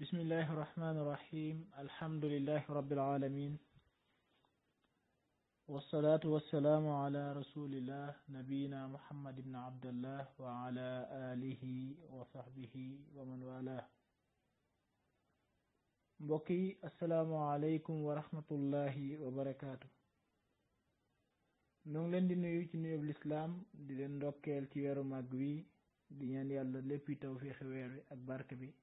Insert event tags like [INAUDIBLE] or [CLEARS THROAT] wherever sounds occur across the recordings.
بسم الله الرحمن الرحيم الحمد لله رب العالمين والصلاة والسلام على رسول الله نبينا محمد بن عبد الله وعلى آله وصحبه ومن والاه بقي السلام عليكم ورحمة الله وبركاته نون لن دي نيو الإسلام دي لن دوكيل تيورو مغوي دي نيان يالله لبي توفيخ ويري أكبر كبير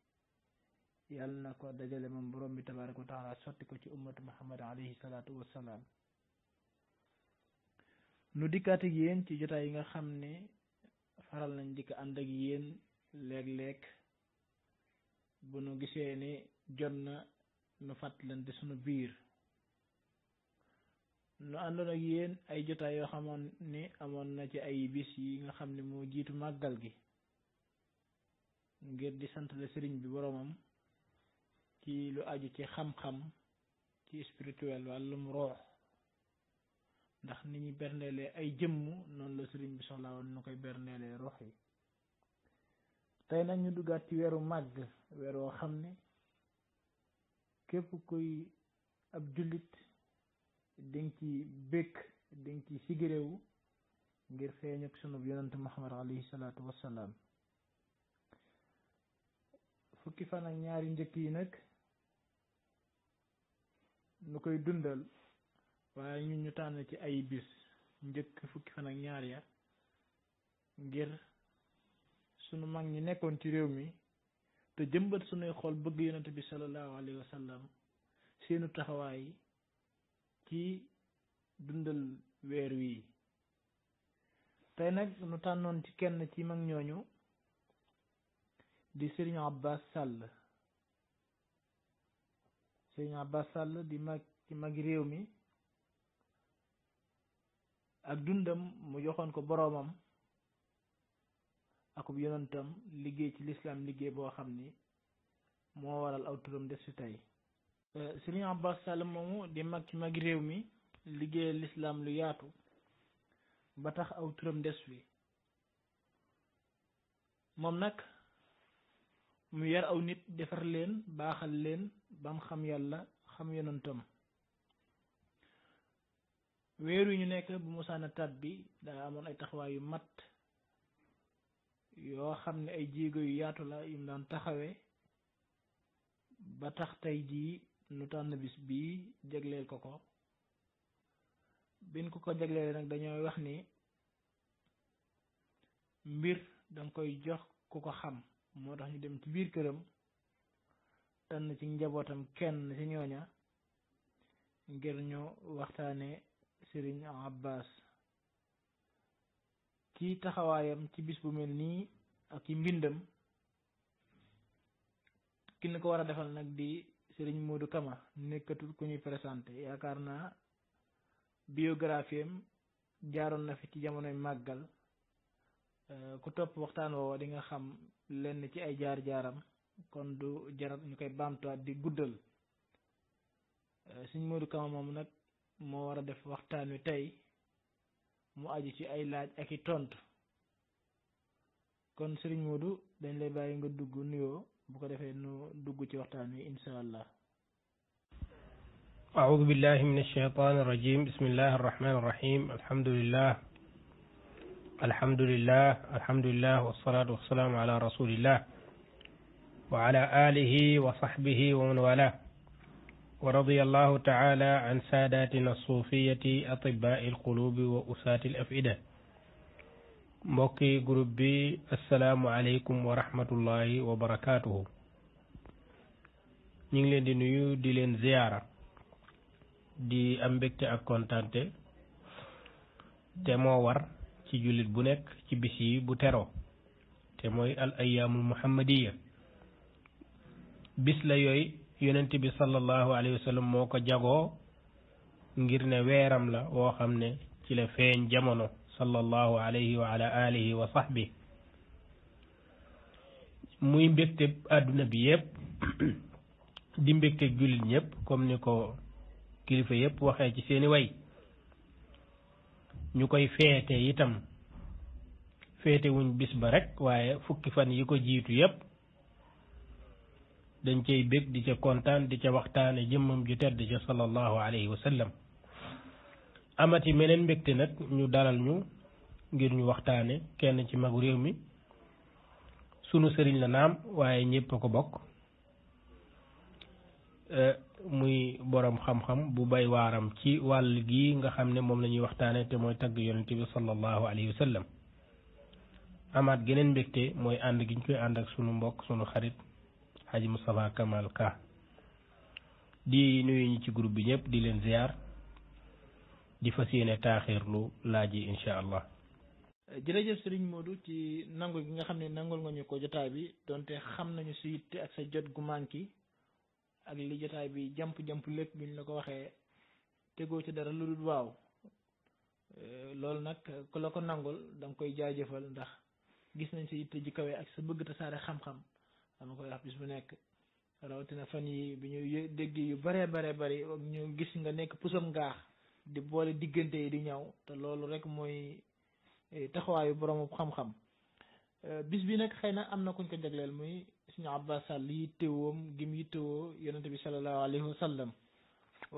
yàlla na ko dajale moom borom bi tabaaraka wa taala sotti ko ci ummatu muhammad alayhi salaatu wassalaam nu dikkaat ak yéen ci jotaay yi nga xam ne faral nañ dikk ko ànd ak yéen léeg lekk bu nu gisee ni jot na nu fàttalante sunu biir nu àndoon ak yéen ay jotaay yoo xamoon ne amoon na ci ay bis yi nga xam ne moo jiitu màggal gi ngir di santale sëriñ bi boroomam ci lu aju ci xam-xam ci spirituel wàllum roox ndax ni ñu berndeele ay jëmm noonu la sëriñ bi soxla woon nu koy berndeele roox yi tey nag ñu duggaat ci weeru màgg weer woo xam ne képp koy ab jullit dañ ci békk dañ ci sigiréwu ngir feeñ ak sunub yonante muhammad alayhi salaatu wassalaam fukki fan ñaari njëkk yi nag nu koy dundal waaye ñu ñu tànn ci ay bis njëkk fukki fan ñaar ya ngir sunu mag ñi nekkoon ci réew mi te jëmbat sunuy xool bëgg yonent bi sallallahu alayhi wa sallam seenu taxawaay ci dundal weer wii tey nag nu tànnoon ci kenn ci mag ñooñu di Serigne Abbas Sall Sëriñ Abbas di mag ci magi réew mi ak dundam mu joxoon ko boroomam akub yonentam liggéey ci lislaam liggéey boo xam ni moo waral aw turam des fi tey euh, Sëriñ Abbas moomu di mag ci magi réew mi liggéeyal lislaam lu yaatu ba tax aw turam des fi moom nag mu yar aw nit defar leen baaxal leen bam xam yàlla xam yonantam weer wi ñu nekk bu musaana tat bi daa amoon ay taxawaay yu mat yoo xam ne ay jéego yu yaatu la yum daan taxawe ba tax tey jii nu tànn bis bii jagleel ko ko bin ko ko jagleel nag dañooy wax ni mbir danga koy jox ku ko xam moo tax ñu dem ci biir këram tànn ci njabootam kenn ci ñooña ngir ñu waxtaane sëriñ Abbas kii taxawaayam ci bis bu mel nii ak ci mbindam ki ñu ko war a defal nag di sëriñ Modou Kama nekkatul ku ñuy présenté yaakaar naa biographie am jaaroon na fi ci jamonoy màggal ku topp waxtaan woowa di nga xam lenn ci ay jaar-jaaram kon du jarat ñu koy baamtuwaat di guddal euh, suñ Modou Kama moom nag moo war a def waxtaan wi tey mu aju ci ay laaj aki i tontu kon Serigne Modou dañ lay bàyyi nga dugg nuyoo bu ko defee nu dugg ci waxtaan wi insha allah أعوذ بالله من الشيطان الرجيم بسم الله الرحمن الرحيم الحمد لله الحمد لله الحمد لله والصلاة والسلام على رسول الله وعلى آله وصحبه ومن والاه ورضي الله تعالى عن ساداتنا الصوفية أطباء القلوب وأساة الأفئدة موكي جروبي السلام عليكم ورحمة الله وبركاته نجلين دي نيو دي لين زيارة دي ziyaara أكونتانتي am ci jullit bu nekk ci bis yi bu teroo te mooy al ayyaamul muhammadiya bis la yooyu yonent bi sallallahu alayhi wa sallam moo ko jagoo ngir ne weeram la woo xam ne ci la feeñ jamono sallallahu alayhi wa ala wa sahbi muy mbégte àdduna bi yëpp di mbégte jullit ñëpp comme ni ko kilifa yëpp waxee ci seeni way ñu koy feete itam feete wuñ bis ba rekk waaye fukki fan yi ko jiitu yépp dañ cay bég di ca kontaan di ca waxtaane jëmmam ju tedd ca sallallahu alayhi wa sallam amati meneen mbégte nag ñu dalal ñu ngir ñu waxtaane kenn ci magu réew mi sunu sëriñ la naam waaye ñépp a ko bokk muy borom xam-xam bu bay waaram ci wàll gi nga xam ne moom la ñuy waxtaane te mooy tagg yonent bi sallallahu alayhi wa amaat geneen mbégte mooy ànd gi ñu koy ànd ak sunu mbokk sunu xarit Haji Moustapha Kamal Ka di nuyu ñi ci groupe bi ñëpp di leen ziar di fas yéene taaxirlu laaj yi incha allah. jërëjëf Serigne Modou ci nangu gi nga xam ne nangul nga ñu ko jotaay bi donte xam nañu si yitte ak sa jot gu manki ak li jotaay bi jamp jamp lépp bi ñu la ko waxee tegoo ci dara lu dul waaw eh, loolu nag ku la ko nangul danga koy jaajëfal ndax gis nañ sa yitte ji kawee ak sa bëgg tasaare xam-xam dama koy wax bis bu nekk rawatina fan yi bi ñu dégg yu bare bare bari ñu gis nga nekk pusam ngaax di boole diggante yi di ñaw te loolu rek mooy eh, taxawaayu boroomu xam-xam eh, bis bi nag xëy am na kuñ ko jagleel muy suñu Abbas Sall yittewoom gim yittewoo yonente bi sallallahu alayhi wa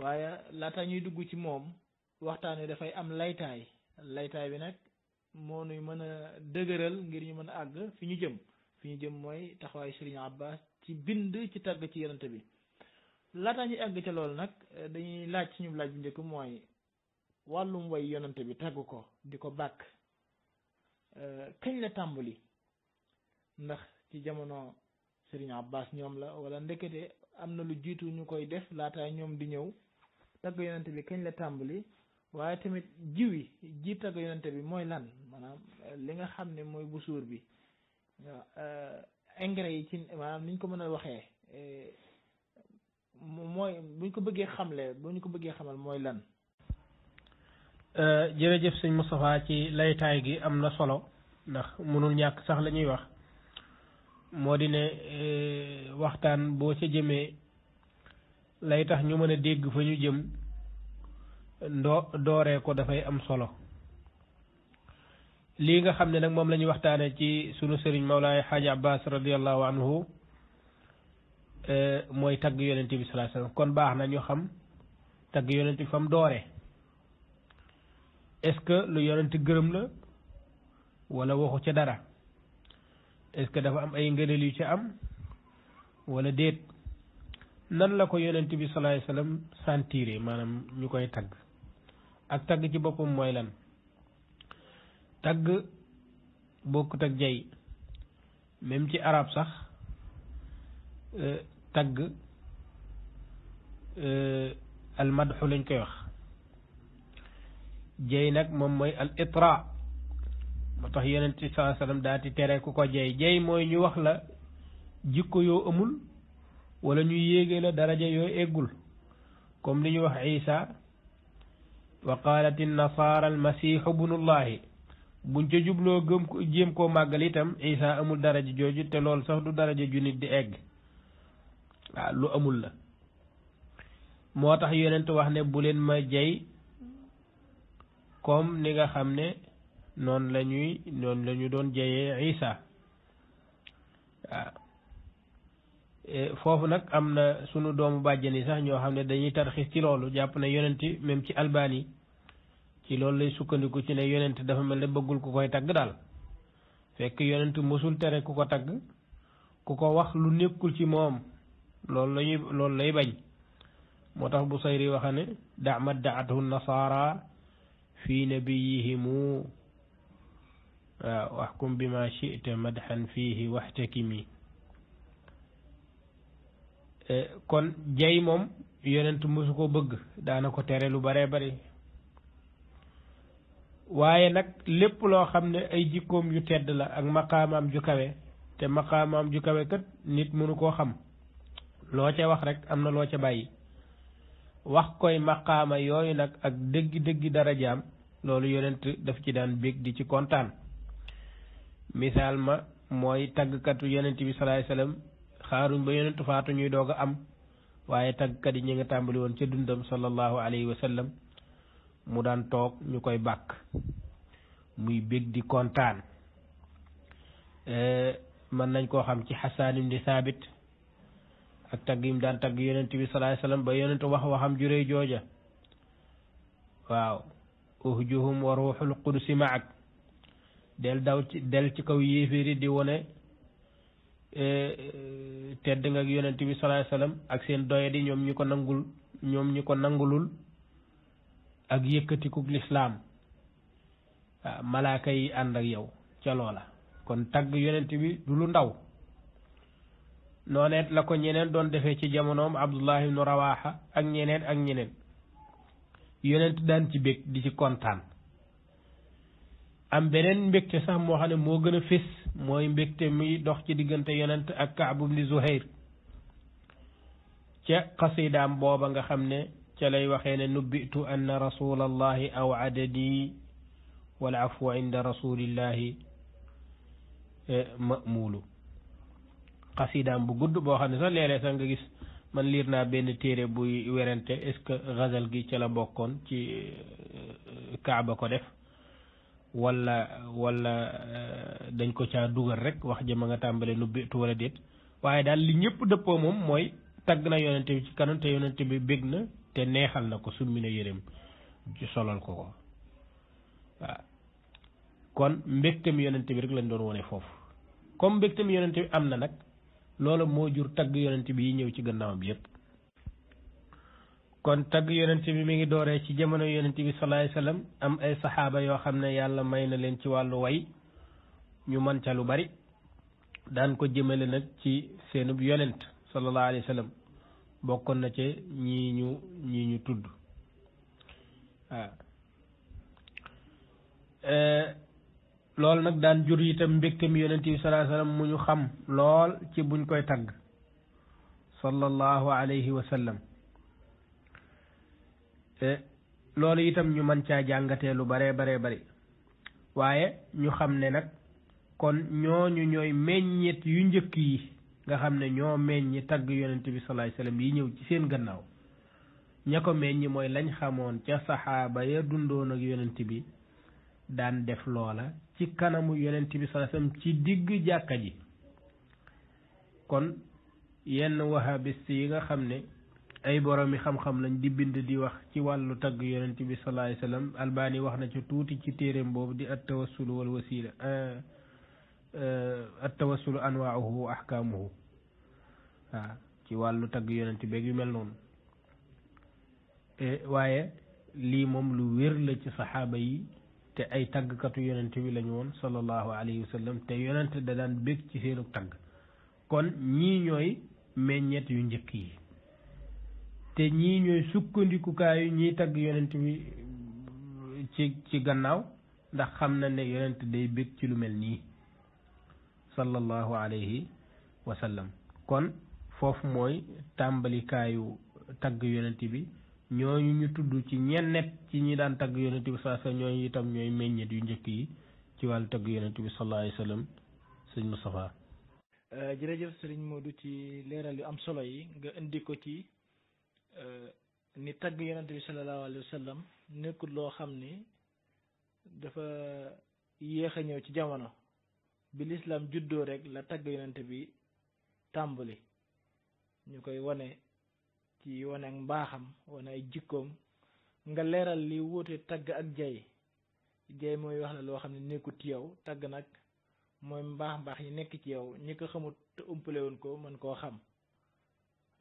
waaye laata ñuy dugg ci moom waxtaan wi dafay am laytaay laytaay bi nag moo nuy mën a dëgëral ngir ñu mën a àgg fi ñu jëm fi ñu jëm mooy taxawaayu Serigne Abbas ci bind ci tàgg ci yonente bi laata ñuy àgg ca loolu nag dañuy laaj suñu laaj bu njëkk mooy wàllum way yonente bi tàgg ko di ko bàkk euh, kañ la tàmbali ndax ci jamono sëriñ Abbas ñoom la wala ndekete am na lu jiitu ñu koy def laata ñoom di ñëw tagg yonent bi kañ la tàmbali waaye tamit jiw yi ji tagg yonent bi mooy lan maanaam euh, li nga xam ne mooy bu busuur bi euh, engrais yi ci maanaam niñ ko mën a waxee euh, mooy buñ ko bëggee xamle buñ ko bëggee xamal mooy lan jërëjëf sëñ Moustapha ci laytaay gi am na solo ndax mënul ñàkk sax la ñuy wax moo di ne eh, waxtaan boo ca jëmee lay tax ñu mën a dégg fa ñu jëm ndoo dooree ko dafay am solo lii nga xam ne nag moom la ñuy waxtaane ci sunu sëriñ Mawlaay Xaaji Abbas radiallahu anhu eh, mooy tagg yonent bi salaa kon baax na ñu xam tagg yonent bi fa mu ce que lu yonent gërëm la wala waxu ca dara est dafa am ay ngëneel yu ci am wala déet nan la ko yonent bi salaay salaam santire maanaam ñu koy tagg ak tagg ci boppam mooy lan tagg bokkut ak jay même ci arab sax euh, tagg euh, almadxu lañ koy wax jay nag moom mooy al itra moo tax yonent bi sallallahu alayhi wasallam daal di tere ku ko jey jey mooy ñu wax la jikko yoo amul wala ñu yéege la daraja yoo eggul comme li ñu wax isa wa qaalat an-nasaara al-masiixu bunullahi buñ ca jubloo gëm koo màggal itam isa amul daraja jooju te lool sax du daraja ju nit di egg waaw lu amul la moo tax yonent wax ne bu leen ma jey comme ni nga xam ne noonu la ñuy noonu la ñu doon jeyee Isa waaw eh, foofu nag am na sunu doomu bàjjen yi sax ñoo xam ne dañuy tarxis ci loolu jàpp na yonent même ci albani ci loolu lay sukkandiku ci ne yonent dafa mel ne bëggul ku koy tagg daal fekk yonent mosul tere ku ko tagg ku ko wax lu nekkul ci moom loolu lañuy loolu lay bañ moo tax bu sayri waxa ne ma daathu nasaara fi nabiyihimu waaw waxkum bi ma fii madxan fiihi waxtakimi kon jay moom yonent mosu ko bëgg daana ko tere lu bare bari waaye nag lépp loo xam ne ay jikkoom yu tedd la ak maqaamaam ju kawe te maqaamaam ju kawe kat nit mënu koo xam loo ca wax rek am na loo ca bàyyi wax koy maqaama yooyu nag ak dëggi dara darajaam loolu yonent daf ci daan bég di ci kontaan misaal ma mooy taggkatu yonent bi salaay salaam xaaruñ ba yonentu faatu ñuy doog a am waaye taggkat yi ñi nga tàmbali woon ca dundam sallallahu alayhi wa mu daan toog ñu koy bàkk muy bég di kontaan e, mën nañ koo xam ci xasaan ibn saabit ak tagg daan tagg yonent bi salaay salaam ba yonentu wax waxam juree jooja waaw uhjuhum wa ruuxul qudusi maak del daw ci del ci kaw yéeféeri di wone eh, tedd nga ak yonent bi salaay salaam ak seen doyadi ñoom ñu ko nangul ñoom ñu ko nangulul ak yëkkatiku lislaam ah, malaaka yi ànd ak yow ca loola kon tagg yonent bi du lu ndaw nooneet la ko ñeneen doon defee ci jamonoom abdullahi nu rawaaxa ak ñeneen ak ñeneen yonent daan ci bég di ci kontaan am beneen mbégte sax moo xam ne moo gën a fés mooy mbégte mi dox ci diggante yonent ak kaabum li zuhayr ca xasidaam booba nga xam ne ca lay waxee ne nubbitu anna rasulallahi aw adadi wal afwa inda rasulillahi e, mamuulu xasidaam bu gudd boo xam ne sax léeg-léeg sax nga gis man liir naa benn téere buy werante est-ce gi ca la bokkoon ci e, kaaba ko def wala wala eh, dañ ko ca dugal rek wax a nga tàmbale nu bétu wala déet waaye daal li ñëpp dëppoo moom mooy tagg na yonente bi ci kanam te yonente bi bég na te neexal na ko summi na yëreem solal ko ko waaw kon mbégtam yonente bi rek lañ doon wone foofu comme mbégtam yonente bi am na nag loola moo jur tagg yonente bi yi ñëw ci gannaawam yëpp kon tagg yonent bi mi ngi dooree ci jamono yonent bi salaay salaam am ay saxaaba yoo xam ne yàlla may na leen ci wàllu way ñu man ca lu bari daan ko jëmale nag ci seenub yonent sallallahu alayhi wa bokkoon na ci ñii ñu ñii ñu tudd waaw eh, loolu nag daan jur itam mbégtam yonent bi sallallahu alayhi mu ñu xam lool ci buñ koy tagg sallallahu alayhi wa sallam loolu itam ñu mën caa jàngate lu bare baree bari waaye ñu xam ne nag kon ñooñu ñooy meññeet yu njëkk yi nga xam ne ñoo meññi tagg yonent bi salaay salaam yi ñëw ci seen gannaaw ña ko meññi mooy lañ xamoon ca saxaaba ya dundoon ak yonent bi daan def loola ci kanamu yonent bi salaay salaam ci digg jàkka ji kon yenn wahabist yi nga xam ne ay boroomi xam-xam lañ di bind di wax ci wàllu tagg yonent bi sallallahu alayhi albani wax na ci tuuti ci téereem boobu di at tawassulu wal wasila euh, euh, at tawassulu anwaauhu ahkaamuhu waaw ci wàllu tagg yonent beeg yu mel noonu e, waaye lii moom lu wér la ci saxaaba yi te ay taggkatu yonent bi lañu woon sallallahu alayhi wasallam te yonent da daan bég ci seenu tagg kon ñii ñooy meññeet yu njëkk yi te ñii ñooy sukkandikukaayu ñiy tagg yonent bi ci gannaaw ndax xam na ne yonent day bég ci lu mel nii sallallahu alayhi wa sallam kon foofu mooy tàmbalikaayu tagg yonent bi ñooñu ñu tudd ci ñennet ci ñi daan tagg yonent bi saa sa ñooñu itam ñooy meññet yu njëkk yi ci wàllu tagg yonent bi sallallahu alayhi wa sallam sëñ Moustapha euh, jërëjëf sëriñ ci leeral yu am solo yi nga indi ko ci Euh, ni tagg yonent bi sallallahu alayhi wa nekkul loo xam ni dafa yéex a ñëw ci jamono bi lislaam juddoo rek la tagg yonent bi tàmbali ñu koy wane ci wane ak mbaaxam wane ay jikkoom nga leeral li wuute tagg ak jay jay mooy wax la loo xam ne nekkut ci yow tagg nag mooy mbaax mbaax yi nekk ci yow ñi ko xamut te ko mën koo xam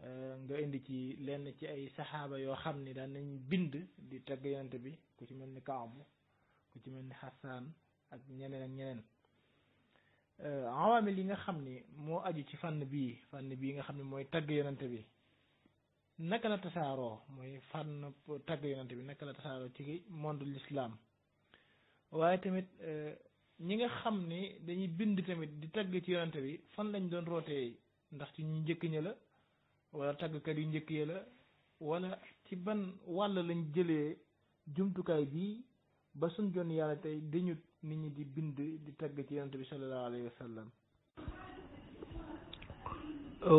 Euh, nga indi ci lenn ci ay saxaaba yoo xam ni daan nañ bind di tagg yonent bi ku ci mel ni Kaabu ku ci mel ni Xasaan ak ñeneen ak ñeneen euh, awaamil yi nga xam ni moo aju ci fànn bi fànn bii nga xam ne mooy tagg yonent bi naka la tasaaroo mooy fànn tagg yonent bi naka la tasaaroo ci monde l'islam waaye tamit euh, ñi nga xam ni dañuy bind tamit di tagg ci yonent bi fan lañ doon rootee ndax ci ñu njëkk ña wala tàggkat yu njëkk ya la walla ci ban wàll lañ jëlee jumtukaay bii ba suñ jon yàlla tey dañu nit ñi di bind di tagg ci yonent bi sallallahu alayhi wa sallam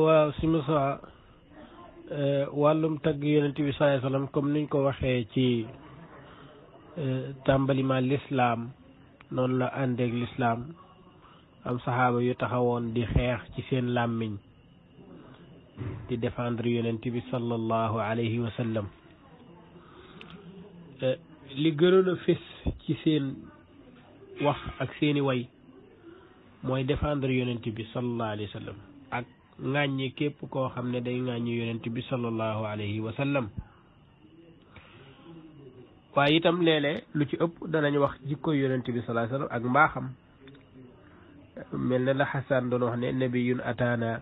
waaw si mosa eh, wàllum tagg yonent bi sallallahu alayhi wa sallam comme niñ ko waxee ci eh, tàmbalima lislaam noonu la àndeeg lislaam am saxaaba yu taxawoon di xeex ci seen làmmiñ di défendre yonent bi sallallahu alayhi wa sallam eh, li gënoon a ci seen wax ak seeni way mooy defendre yonent bi sallallahu alayhi wa sallam ak ŋàññi képp koo xam ne day ŋàññi yonent bi sallallahu lu ci ëpp danañ wax jikko yonent bi sallallahu alayhi wa ak mbaaxam mel na la xasaan doon wax ne nabiyun ataana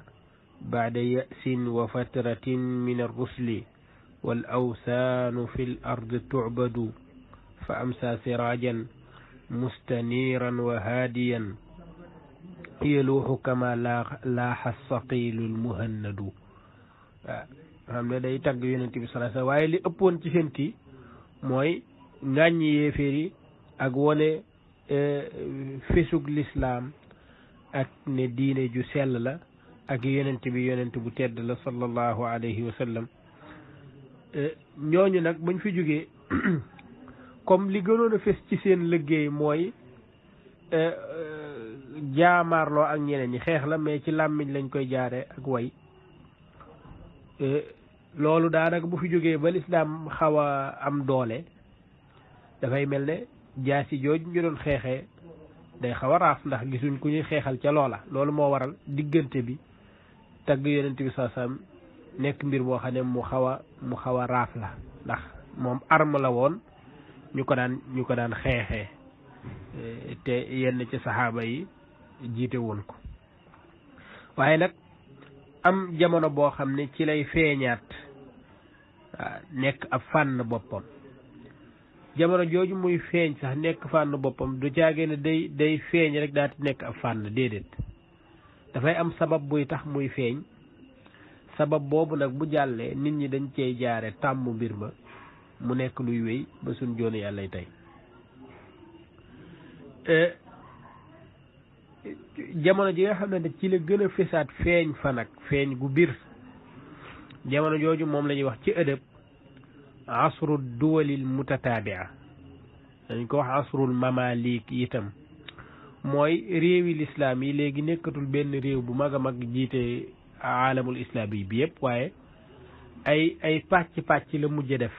baada ya'sin wa fatratin min ar-rusli wal awsaanu fi l-ardi tu'badu fa amsaa siraajan mustaniiran wa haadiyan yeluuxu kama laaxa saqiilul muhannadu waaw xam ne day tagg yonent bi sallallahu alayhi wasallam waaye li ëppoon ci fent yi mooy ngàññi yéeféer yi ak wone eh, fesug lislaam ak ne diine ju sell la ak yonent bi yonent bu tedd la sallallahu alayhi wa sallam eh, ñooñu nag bañ fi jógee [CLEARS THROAT] comme li gënoon a ci seen liggéey mooy eh, eh, jaamaarloo ak ñeneen yi xeex la mais ci làmmiñ lañ koy jaaree ak way loolu daanaka bu fi jógee ba lislaam xaw a am doole dafay mel ne jaasi jooj ñu doon xeexee day xaw raaf ndax gisuñ ku ñuy xeexal ca loola loolu moo waral diggante bi tagg yonent bi saa saam nekk mbir boo xam ne mu xaw a mu xaw a raaf la ndax moom arme la woon ñu ko daan ñu ko daan xeexee eh, te yenn ci saxaaba yi jiite woon ko waaye nag am jamono boo xam ne ci lay feeñaat ah, nekk ab fànn boppam jamono jooju muy feeñ sax nekk fànn boppam du caagee ne day day feeñ rek daal nekk ab fànn déedéet dafay am sabab buy tax muy feeñ sabab boobu nag bu jàllee nit ñi dañ cey jaare tàmm mbir ma mu nekk luy wéy ba suñ joonu yàllay tey jamono ji nga xam ne ci la gën a fesaat feeñ fa nag feeñ gu biir jamono jooju moom la ñuy wax ci ëdëb asru duwalil mutataabia dañ ko wax asrul mamalik itam mooy réewi lislaam yi léegi nekkatul benn réew bu mag a mag jiite aalamul islaam yi bi yëpp waaye ay ay pàcc pàcc la mujj def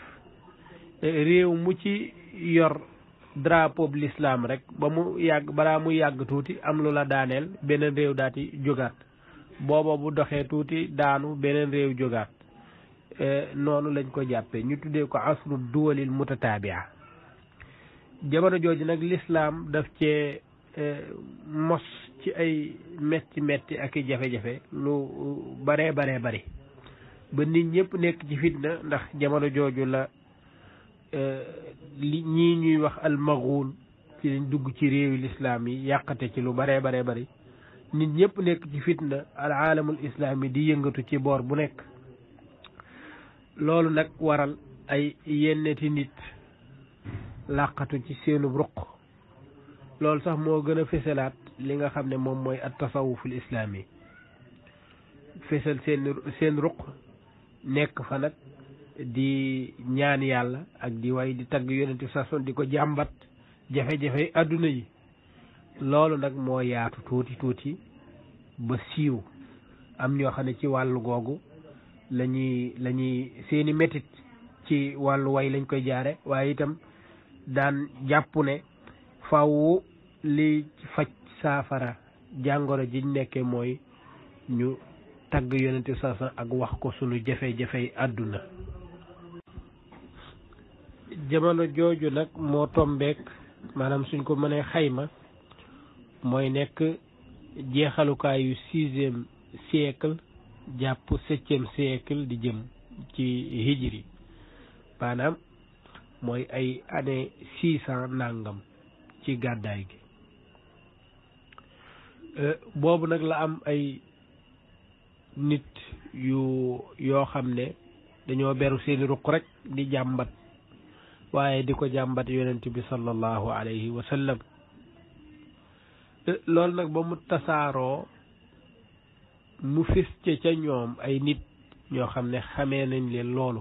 réew mu ci yor drapeau bu lislaam rek ba mu yàgg balaa muy yàgg tuuti am lu la daaneel beneen réew daati jógaat booba bu doxee tuuti daanu beneen réew jógaat e, noonu lañ ko jàppee ñu tuddee ko asru duwalil mutataabia jamono jooju nag lislaam daf cee Eh, mos ci ay metti metti ak i jafe-jafe lu baree baree bari ba nit ñëpp nekk ci fitna ndax jamono jooju la eh, li ñii ñuy wax almaghul ci dugg ci réewi lislaam yi yàqate ci lu baree baree bari nit ñëpp nekk ci fitna al aalamul islaam yi di yëngatu ci boor bu nekk loolu nag waral ay yenneti nit làqatu ci seenu ruq loolu sax moo gën a fësalaat li nga xam ne moom mooy at tasawuful islaami yi seen seen ruq nekk fa nag di ñaan yàlla ak di way di tagg yonente sason di ko jàmbat jafe-jafe adduna yi loolu nag moo yaatu tuuti tuuti ba siiw am ñoo xam ne ci wàllu googu la lañuy seeni metit ci wàllu way lañ koy jaare waaye itam daan jàpp ne fàww lii faj saafara jàngoro jiñ nekkee mooy ñu tagg yonente saasa ak wax ko sunu jafe-jafey àdduna jamono jooju nag moo tombeek maanaam suñ ko mënee xayma mooy nekk jeexalukaayu sixième siècle jàpp septième siècle di jëm ci hijri maanaam mooy ay année six cent nangam ci gàddaay gi Euh, boobu nag la am ay nit yu yoo xam ne dañoo beru seeni ruq rek di jàmbat waaye di ko jàmbat yonent bi sallallahu alayhi wa sallam euh, loolu nag ba mu tasaaroo mu fisce ca ñoom ay nit ñoo xam ne xamee nañ leen loolu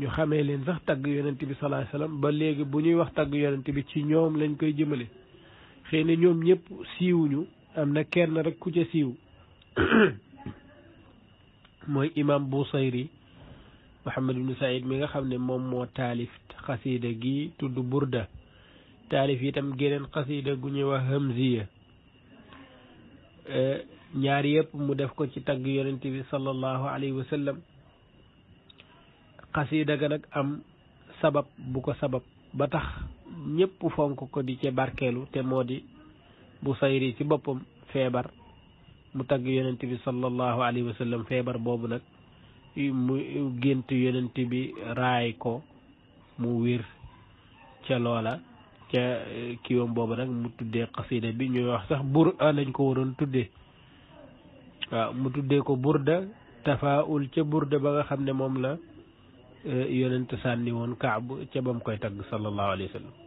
ñu xamee leen sax tagg yonent bi sallallahu alayhi ba léegi bu ñuy wax tagg yonent bi ci ñoom lañ koy jëmale xëy na ñoom ñëpp siiwuñu am na kenn rek ku ca siiw [COUGHS] mooy imam Busayri Muhammad ibnu Saïd mi nga xam ne moom moo taalif xasiida gi tudd Burda taalif itam geneen xasiida gu ñuy wax Hamziya ñaar yëpp mu def ko ci tagg yonent bi sallallahu alayhi wa xasiida ga nag am sabab bu ko sabab ba tax ñëpp fonk ko di ci barkeelu te moo di bu Busayri ci boppam feebar mu tagg yonent bi sallallahu alayhi wa feebar boobu nag mu gént yonent bi raay ko mu wér ca loola ca eh, kiwam boobu nag mu tuddee xasida bi ñuy wax sax bur lañ ko waroon tuddee waaw mu tuddee ko burda tafaul ca burda ba nga xam ne moom la eh, yonent sànni woon kaab ca mu koy tagg sallallahu alayhi wa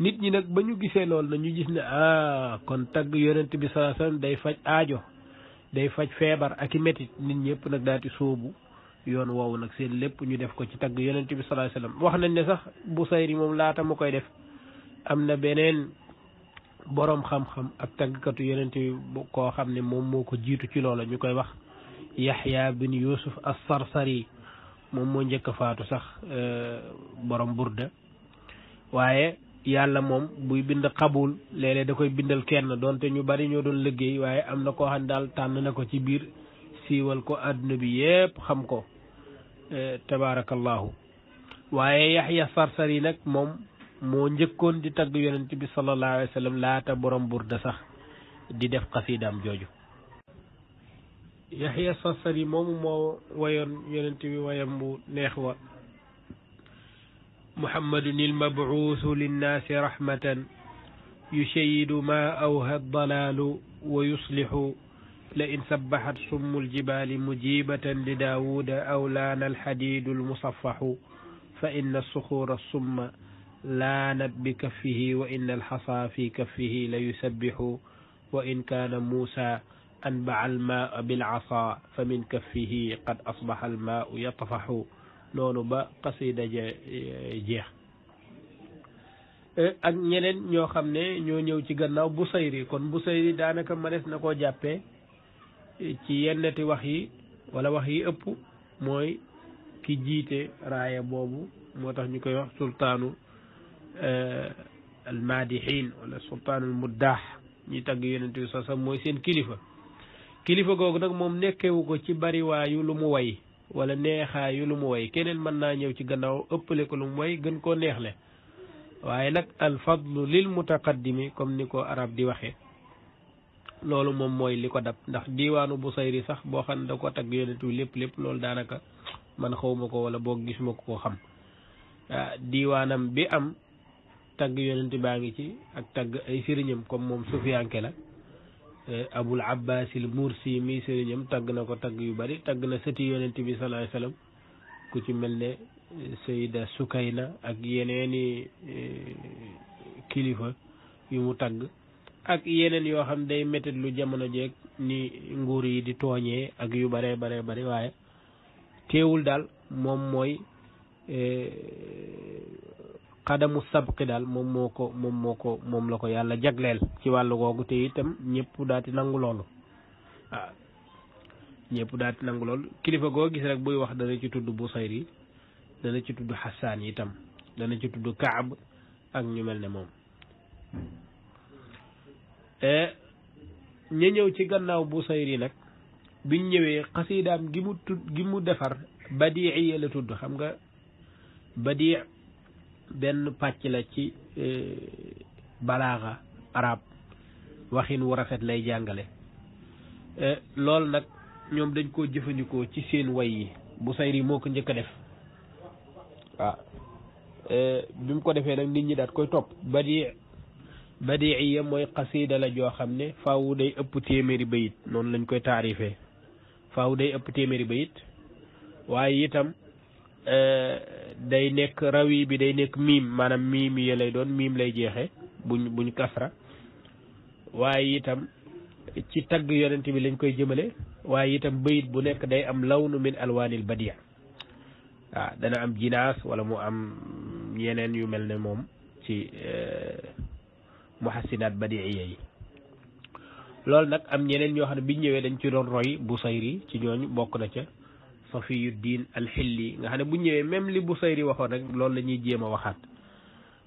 nit ñi nag ba ñu gisee loolu na ñu gis ne ah kon tagg yonent bi sallallahu day faj aajo day faj feebar ak i métit nit ñëpp nag daati sóobu yoon wowu nag seen lépp ñu def ko ci tagg yonent bi sallallahu alayhi wasallam wax nañ ne sax Busayri moom laata mu koy def am na beneen boroom xam ak taggkatu yonent koo xam ne moom moo ko jiitu ci loola ñu koy wax Yaxya bin Yusuf as-Sarsari moom moo njëkk a faatu sax euh, boroom burda waaye yàlla moom buy bind xabul léeg da koy bindal kenn donte ñu bari ñoo doon liggéey waaye am na ko xam ne daal tànn na ko ci biir siiwal ko àdduna bi yépp xam ko eh, tabaarakallahu waaye yaxya sarsari nag moom moo njëkkoon di tagg yonent bi sallallahu alayhi laata boroom bur borom sax di def xasiidaam jooju yaxya sarsari moomu moo wayoon yonent bi wayam bu neex wa محمد المبعوث للناس رحمة يشيد ما أوهى الضلال ويصلح لئن سبحت سم الجبال مجيبة لداود أو لان الحديد المصفح فإن الصخور الصم لانت بكفه وإن الحصى في كفه ليسبح وإن كان موسى أنبع الماء بالعصا فمن كفه قد أصبح الماء يطفح loolu ba xasida ja e, jeex e, ak ñeneen ñoo xam ne ñoo ñëw ci gannaaw Busayri kon Busayri daanaka mënees na koo jàppee ci yennati wax yi walla wax yi ëpp mooy ki jiite raaya boobu moo tax ñu koy wax sultaanu e, almaadihin wala sultaanul muddaax ñi tagg yonent bi sax mooy seen kilifa kilifa googu nag moom nekkewu ko ci bariwaayu lu mu way wala neexaayu lu mu woy keneen mën naa ñëw ci gannaaw ëppale ko lu mu woy gën koo neexle waaye nag al fadlu lil mi comme ni ko arab di waxee loolu moom mooy li ko dab ndax diiwaanu Busayri sax boo xam ne da ko tagg yonentu lépp lépp loolu daanaka man xawma ko wala boo gisuma ko koo xam ah, diwaanam bi am tagg yonentu baa ngi ci ak tagg ay sëriñam comme moom sufiyanke la E, aboul abbas il mursi mi sëriñam tagg na ko tagg yu bëri tagg na sëti yonente bi salaa ai sallam ku ci mel ne e, sayida sukayna ak yeneeni e, kilifa yu mu tagg ak yeneen yoo xam day méted lu jamono jeeg ni nguur yi di tooñee ak yu bare bare bare waaye teewul daal moom mooy mu sabqi daal moom moo ko moom moo ko moom la ko yàlla jagleel ci wàllu googu te itam ñëpp daal di nangu loolu waaw ah, ñëpp daal nangu loolu kilifa goo gis rek buy wax dana ci tudd Busayri dana ci tudd Xasaan itam dana ci tudd Kaab ak ñu mel ne moom e, ña ñëw ci gannaaw Busayri nag biñ ñëwee xasiidaam gi mu tudd gi mu defar badii la tudd xam nga badii benn pàcc la ci euh, balaaxa arab waxin wu rafet lay jàngale euh, loolu nag ñoom dañ koo jëfandikoo ci seen way yi bu sayri moo ko njëkk a def waaw ah. euh, bi mu ko defee nag nit ñi daat koy topp badi badiiya mooy xasiida la joo xam ne faw day ëpp téeméeri bayit noonu lañ koy taarifee faw day ëpp téeméeri bayit waaye itam day nekk rawi bi day nekk miim maanaam miim yi lay doon miim lay jeexe buñ buñ kasra waaye itam ci tagg yonent bi lañ koy jëmale waaye itam bayit bu nekk day am lawnu min alwaanil badia waaw dana am jinaas wala mu am yeneen yu mel ne moom ci eh, muhassinaat badiiya yi loolu nag am ñeneen ñoo xam ne biñ ñëwee dañ ci doon roy Busayri ci ñooñ bokk na ca safiyu diin alxilli nga xam ne bu ñëwee même li bu sayri waxoon rek loolu la ñuy jéem a waxaat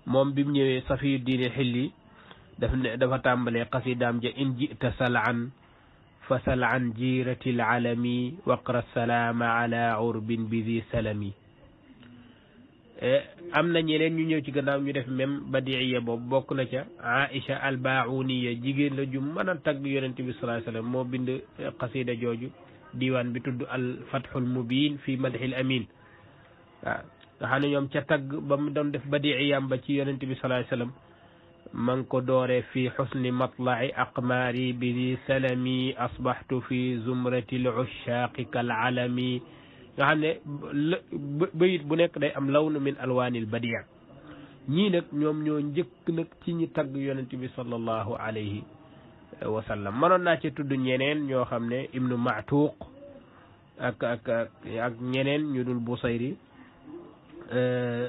moom bi mu ñëwee safiyu diin alxilli daf ne ja in jita salaan fa salaan jiirati alalami waqra salaama ala urbin e, am na ñeneen ñu ñëw ci gannaaw ñu def même badiiya boobu bokk na ca aïcha albaauniya jigéen la ju mën a tagg yonente bi salaa sallam moo bind xasida jooju ديوان بتدو الفتح المبين في مدح الأمين خانو يوم تتق بديع دف بديعيان بچي ينتبه صلى الله عليه وسلم من كدور في حسن مطلع أقماري بذي سلمي أصبحت في زمرة العشاق كالعالمي خانو بيت بنك دي أم لون من ألوان البديع ني نك نيوم نيو نجك نك تيني تق يونتبي صلى الله عليه وسلم wa sallam mënoon naa ci tudd ñeneen ñoo xam ne ibnu Maatuq ak ak ak ñeneen ñu dul Busayri eh,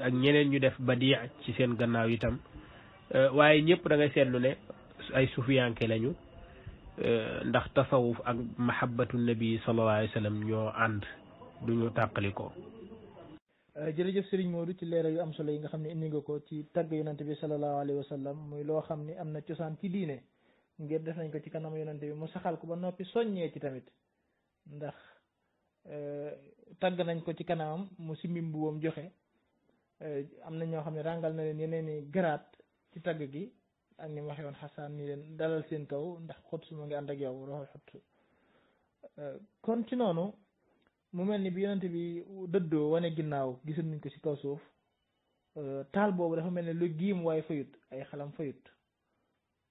ak ñeneen ñu def badi ci seen gannaaw tam eh, waaye ñëpp dangay ngay seetlu ne ay sufiyanke lañu eh, ndax tasawuf ak mahabbatu nabi sallallahu alayhi wa sallam ñoo ànd duñu tàqalikoo jërëjëf Serigne Modou ci leeral yu am solo yi nga xam ne indi nga ko ci tagg yonante bi sallallahu alayhi wa muy loo xam ne am na cosaan ci diine ngir def nañ ko ci kanam yonent bi mu saxal ko ba noppi soññee ci tamit ndax euh, tagg nañ ko ci kanamam mu simbi mbubbam joxe euh, am na ñoo xam ne ràngal na leen yeneen i garaat ci tagg gi ak ni mu waxee woon xasaan ni leen dalal seen kaw ndax xot su ma ngi ànd ak yow roxol xot euh, kon ci noonu mu mel ni bi yonent bi dëddoo wane ginnaaw gisul nañ ko ci kaw suuf taal boobu dafa mel ne lu giim waaye fayut ay xalam fayut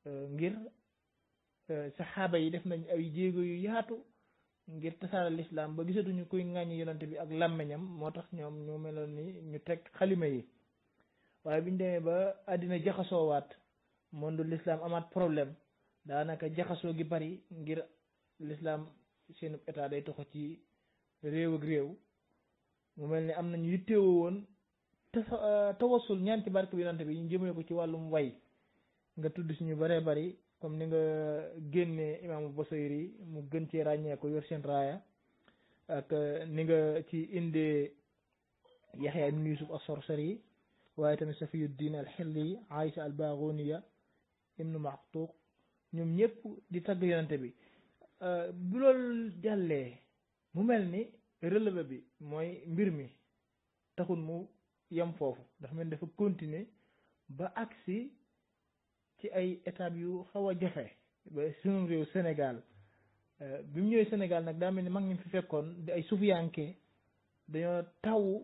ngir Euh, saxaaba yi def nañ ay jéego yu yaatu ngir tasaara lislaam ba gisatuñu kuy ŋàññi yonante bi ak làmmiñam moo tax ñoom ñu meloon ni ñu teg xalima yi waaye biñ demee ba àddina jaxasoo jaxasoowaat mondu lislaam amaat problème daanaka jaxasoo gi bari ngir lislaam seenub état day toxo ci réew réew mu mel ni am nañu yittewoo woon euh, tawasul ñaan ci barke bi yonante bi ñu jëmee ko ci wàllum way nga tudd si ñu baree bari comme ni nga génnee imaamu Busayri mu gën ci ràññeeku yor seen raaya euh, ni nga ci indee Yaxya ibn Yusuf as-Sarsari waaye tamit Safiyuddin al-Hilli Aïcha al-Baghuniya ibnu Maqtuq ñoom ñëpp di tagg yonante bi euh, bu loolu jàllee mu mel ni relevé bi mooy mbir mi taxul mu yem foofu dafa mel ni dafa continuer ba agsi ci ay étapes yu xaw a jafe ba sunu réew Sénégal euh, bi mu ñëwee Sénégal nag daa mel ni mag ñu fi fekkoon di ay sufiyanke dañoo taw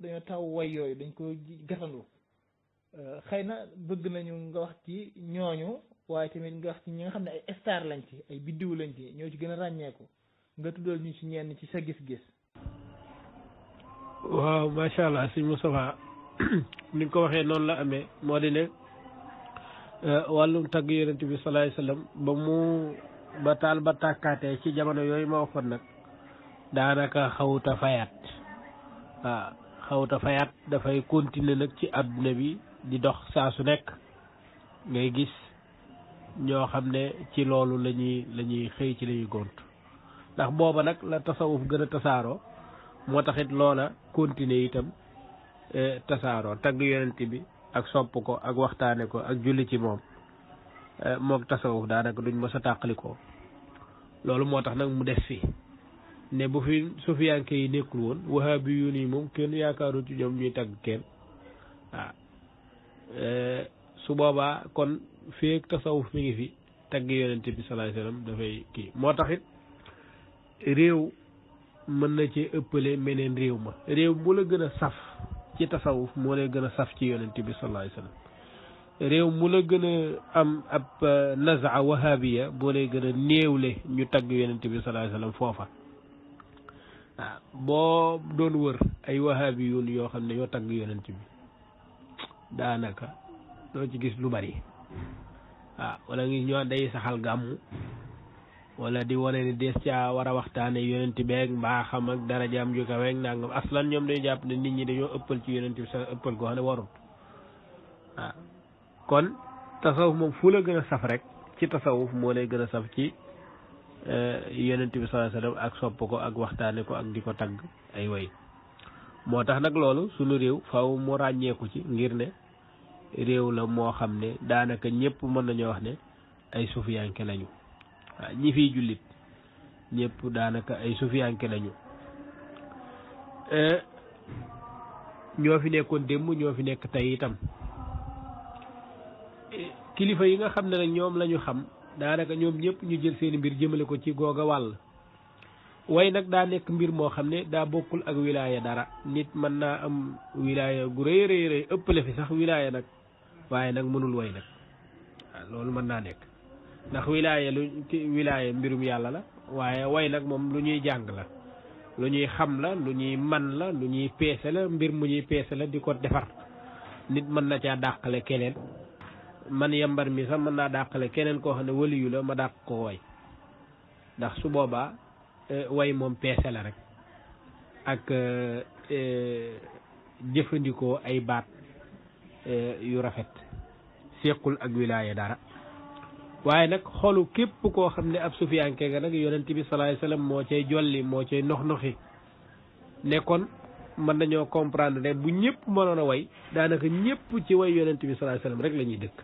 dañoo taw way yooyu dañ ko gatandu euh, xëy na bëgg nañu nga wax ci ñooñu waaye tamit nga wax ñi nga xam ne ay star lañ ci ay biddiw lañ ci ñoo ci gën a ràññeeku nga tuddal ñu ci ñenn ci sa gis-gis. waaw macha allah sëñ Moustapha [CLEARS THROAT] ni nga ko waxee noonu la amee moo di ne Eh, wàllum tagg yonent bi salaay sallam ba mu ba taal ba tàkkaatee ci jamono yooyu ma nag daanaka xawuta fayaat ah, xawuta fayaat dafay continuer nag ci àdduna bi di dox saasu su nekk ngay gis ñoo xam ne ci loolu la ñuy xëy ci la gont ndax booba nag la tasawuf gën a tasaaroo moo taxit loola continuer itam eh, tasaaroo tagg yonent bi ak sopp ko ak waxtaane ko ak julli ci moom eh, mook tasawuf daanaka duñ mës a tàqali ko loolu moo tax nag mu def fii ne bu fi sufiyanke yi nekkul woon wahabi yu nii moom kenn yaakaaru ci ñoom ñuy tagg kenn waaw ah, eh, su boobaa kon feeg tasawuf mu ngi fi tagg yonent bi salaay salaam dafay kii moo tax it réew mën na ci ëppale meneen réew ma réew mu la gën a saf ci tasawuf moo lay gën a saf ci yonent bi sallallahu alayhi wasallam réew mu la gën a am ab euh, nazaa wahabiya boo lay gën a néewle ñu tagg yonent bi sallallahu alayhi foofa waaw ah, boo doon wër ay wahabi yun yoo xam ne ñoo tagg yonent bi daanaka doo ci gis lu bari waaw ah, wala ngi ñoo day saxal gàmmu wala di wane ni des caa war a waxtaane yonent beeg mbaaxam ak dara darajaam ju kaweeg nangam aslan ñoom dañu jàpp ne nit ñi dañoo ëppal ci yonent bi sa ëppal koo xam ne warut waaw moom fu gën a saf rek ci moo lay gën a saf ci eh, yonent bi sallallahu ak sopp ko ak waxtaane ko ak di ko tagg ay way moo tax nag loolu sunu réew faw mu ràññeeku ci ngir ne réew la moo xam ne daanaka ñëpp mën nañoo wax ne ay sufiyanke lañu Ah, ñi fiy jullit ñëpp daanaka ay sufiyanke lañu eh, ñoo fi nekkoon démb ñoo fi nekk tey itam eh, kilifa yi nga xam ne nag ñoom lañu xam daanaka ñoom ñëpp ñu jël seen mbir jëmale ko ci googa wàll way nag daa nekk mbir moo xam ne daa bokkul ak wilaaya dara nit mën naa am wilaaya gu rëy rëy rëy ëppale fi sax wilaaya nag waaye nag mënul woy nag waaw ah, loolu mën naa nekk ndax wilaaya lu wilaaya mbirum yàlla la waaye way nag moom lu ñuy jàng la lu ñuy xam la lu ñuy man la lu ñuy peese la mbir mu ñuy peese la di ko defar nit mën na caa dàqale keneen man yambar mi sax mën naa dàqale keneen koo xam ne waliyu la ma dàq ko way ndax su boobaa e, way moom peese la rek ak e, e, jëfandikoo ay baat yu rafet séqul ak wilaaya dara waaye nag xolu képp koo xam ne ab sufiyanke nga nag yonent bi salaay salaam moo cay jolli moo cay nox-noxi ne kon mën nañoo comprendre ne bu ñëpp mënoon a way daanaka ñëpp ci way yonent bi salaay salaam rek la ñuy dëkk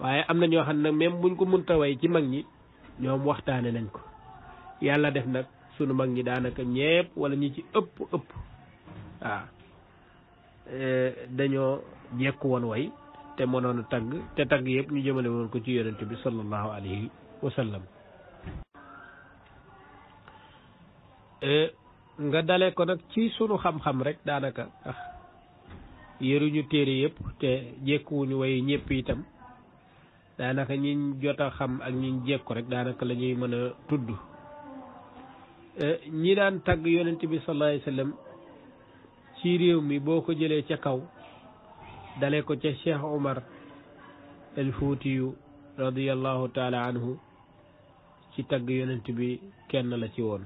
waaye am na ñoo xam ne nag même buñ ko mënta way ci mag ñi ñoom waxtaane nañ ko yàlla def nag sunu mag ñi daanaka ñépp wala ñi ci ëpp ëpp waaw eh, dañoo jekku woon way te mënoon a tagg te tagg yëpp ñu jëmale woon ko ci yonent bi sallallahu alayhi wa sallam e, nga dale ko nag ci sunu xam-xam rek daanaka ah yëruñu téere yëpp te jekkuwuñu way ñëpp itam daanaka ñi jot a xam ak ñiñ jekku rek daanaka lañuy mën a tudd e, ñi daan tagg yonent bi sallallahu alayhi ci réew mi boo ko jëlee ca kaw dale ko ca Cheikh Omar el Fuutiyu radiyallahu taala anhu ci tagg yonent bi kenn la ci woon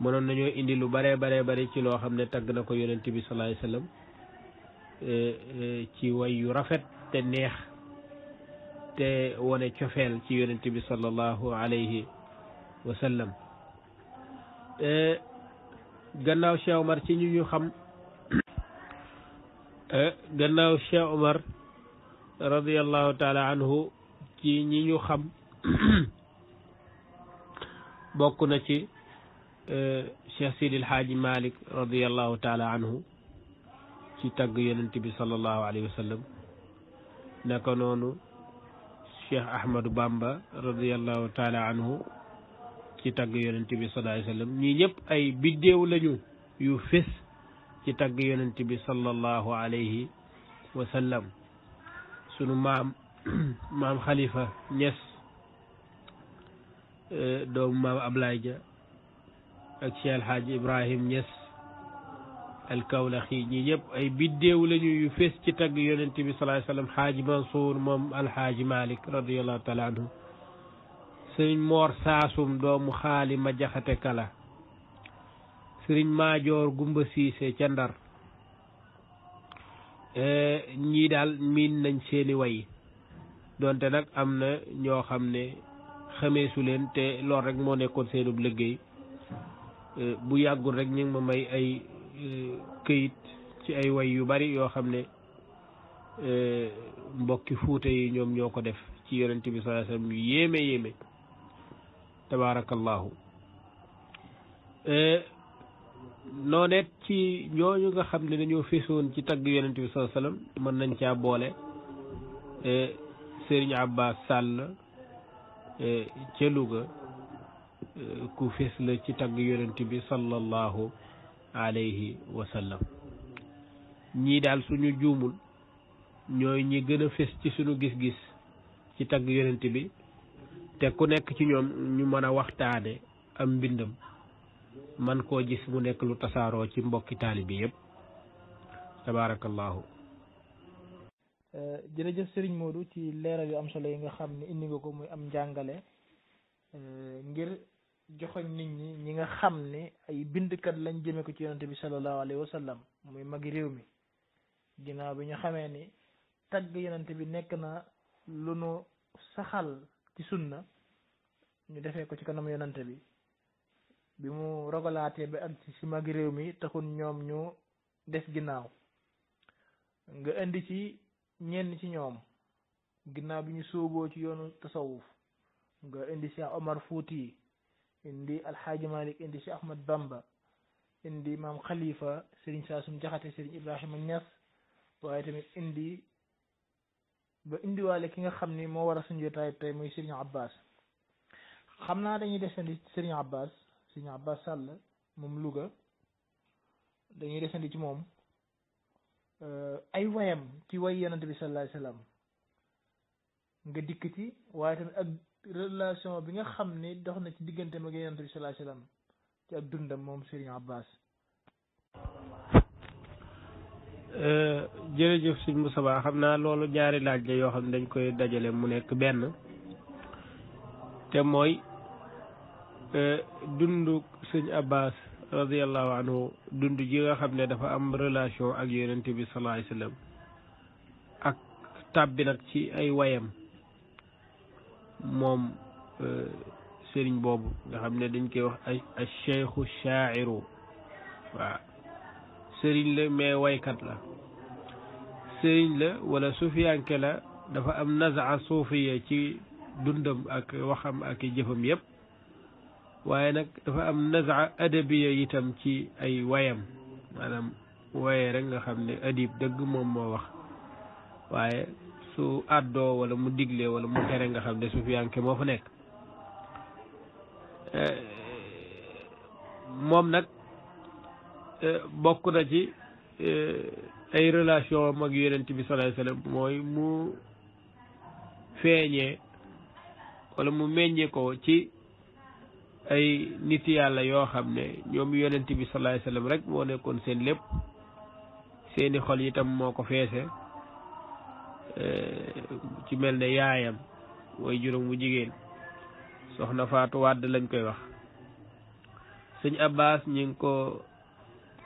mënoon nañoo indi lu bare bare bari ci loo xam ne tagg na ko yonent bi salaay sallam e, e, ci way yu rafet te neex te wone cofeel ci yonent bi sallallahu alayhi wa e, gannaaw Cheikh Omar ci ñu ñu xam Eh, gannaaw Cheikh Omar radiallahu taala anhu ci ñi ñu xam [CLEARS THROAT] bokk na ci eh, Cheikh Sidil Haaji Malik radiallahu taala anhu ci tagg yonent bi sallallahu alayhi wa sallam naka noonu Cheikh Ahmadou Bamba radiallahu taala anhu ci tagg yonent bi sallallahu alayhi wa sallam ñii ñëpp ay biddéew lañu yu fés ci tag yonent bi sallallahu alayhi wa sallam sunu mam mam Khalifa ñess do mam Ablaye Dia ak Cheikh haj ibrahim ñess al kawla alkawlaxi ñi yeb ay biddéew lañu yu fess ci tag yonent bi sallallahu alayhi wa sallam haj mansur mom al haj Malik radiyallahu taala anhu sëñ mor Saasum doomu xaali ma jaxate kala sëriñ maajoor gumba siise ca ndar eh, ñii daal miin nañ seeni way donte nag am na ñoo xam ne xameesu leen te lool rek moo nekkoon seenub liggéey eh, bu yàggul rek ñu ma may ay eh, këyit ci ay way yu bari yoo xam ne mbokki fuuta yi ñoom ñoo ko def ci yonent bi sallallahu alayhi yu yéeme yéeme tabaarakallaahu nooneet ci ñooñu nga xam ne dañoo fésoon ci tagg yonent bi sallallahu alayhi wasallam mën nañ caa boole e, Serigne Abbas Sall e, ca Louga e, ku fés la ci tagg yonent bi sallallahu alayhi wasallam ñii daal suñu juumul ñooy ñi gën a fés ci suñu gis-gis ci tagg yonent bi te ku nekk ci ñoom ñu mën a waxtaane am mbindam man koo gis mu nekk lu tasaaroo ci mbokki taalibi yëpp tabaarakallaahu euh, jërëjëf sëriñ Modou ci leeral yu am solo yi nga xam ne indi nga ko muy am njàngale euh, ngir joxoñ nit ñi ñi nga xam ne ay bindkat lañ jëme ko ci yonante bi sallallahu alayhi wa muy magi réew mi ginaaw bi ñu xamee ni tagg yonante bi nekk na lu nu saxal ci sunna ñu defee ko ci kanam yonante bi bi mu rogalaatee ba am ci si magi réew mi taxul ñoom ñu des ginnaaw nga indi ci ñenn ci ñoom ginnaaw bi ñu sóoboo ci yoonu tasawuf nga indi si Cheikh Omar Fouti indi Alxaaji Malik indi Cheikh Ahmad Bamba indi maam Khalifa Serigne Saasum Jaxate Serigne Ibrahima Niass waaye tamit indi ba indiwaale ki nga xam ni moo war a suñu jotaay tey muy Serigne Abbas xam naa dañuy desandi Serigne Abbas sëñ Abbas Sall moom Louga dañuy defandi ci moom euh, ay wayam ci way yonante bi sallallahu alayhi wasallam nga dikk ci waaye tamit ak relation bi nga xam ne dox na ci diggante ak yonante bi sallallahu alayhi wasallam ci ak dundam moom sëñ Abbas euh, jërëjëf sëñ Moussa Ba xam naa loolu ñaari laaj la yoo xam ne dañ koy dajale mu nekk benn te mooy Eh, dundu sëñ Abbas radiallahu anhu dund ji nga xam ne dafa am relation ak yonent bi sallallahu alayhi ak tàbbi ci ay wayam moom eh, sëriñ boobu nga xam ne dañ koy wax ay ay cheikhu shaa'iru waaw sëriñ la mais waykat la sëriñ la wala sufiyanke la dafa am naza suufiya ci dundam ak waxam ak jëfam yëpp waaye nag dafa am nazaa adabiya itam ci ay wayam waaye waye rek nga xam ne adib dëgg moom moo wax waaye su àddoo wala mu digle wala mu xere nga xam ne sufiyanke moo fa nekk eh, moom nag eh, bokk na ci eh, ay relation mag yonent bi sallallahu alayhi mooy mu feeñee wala mu meññee ko ci ay nit yàlla yoo xam ne ñoom yonent bi salaay sallam rek moo nekkoon seen lépp seeni xol itam moo ko feese eh, ci mel ne yaayam mooy juróom mu jigéen soxna Faatu Wàdd lañ koy wax sëñ Abbas ñu ngi ko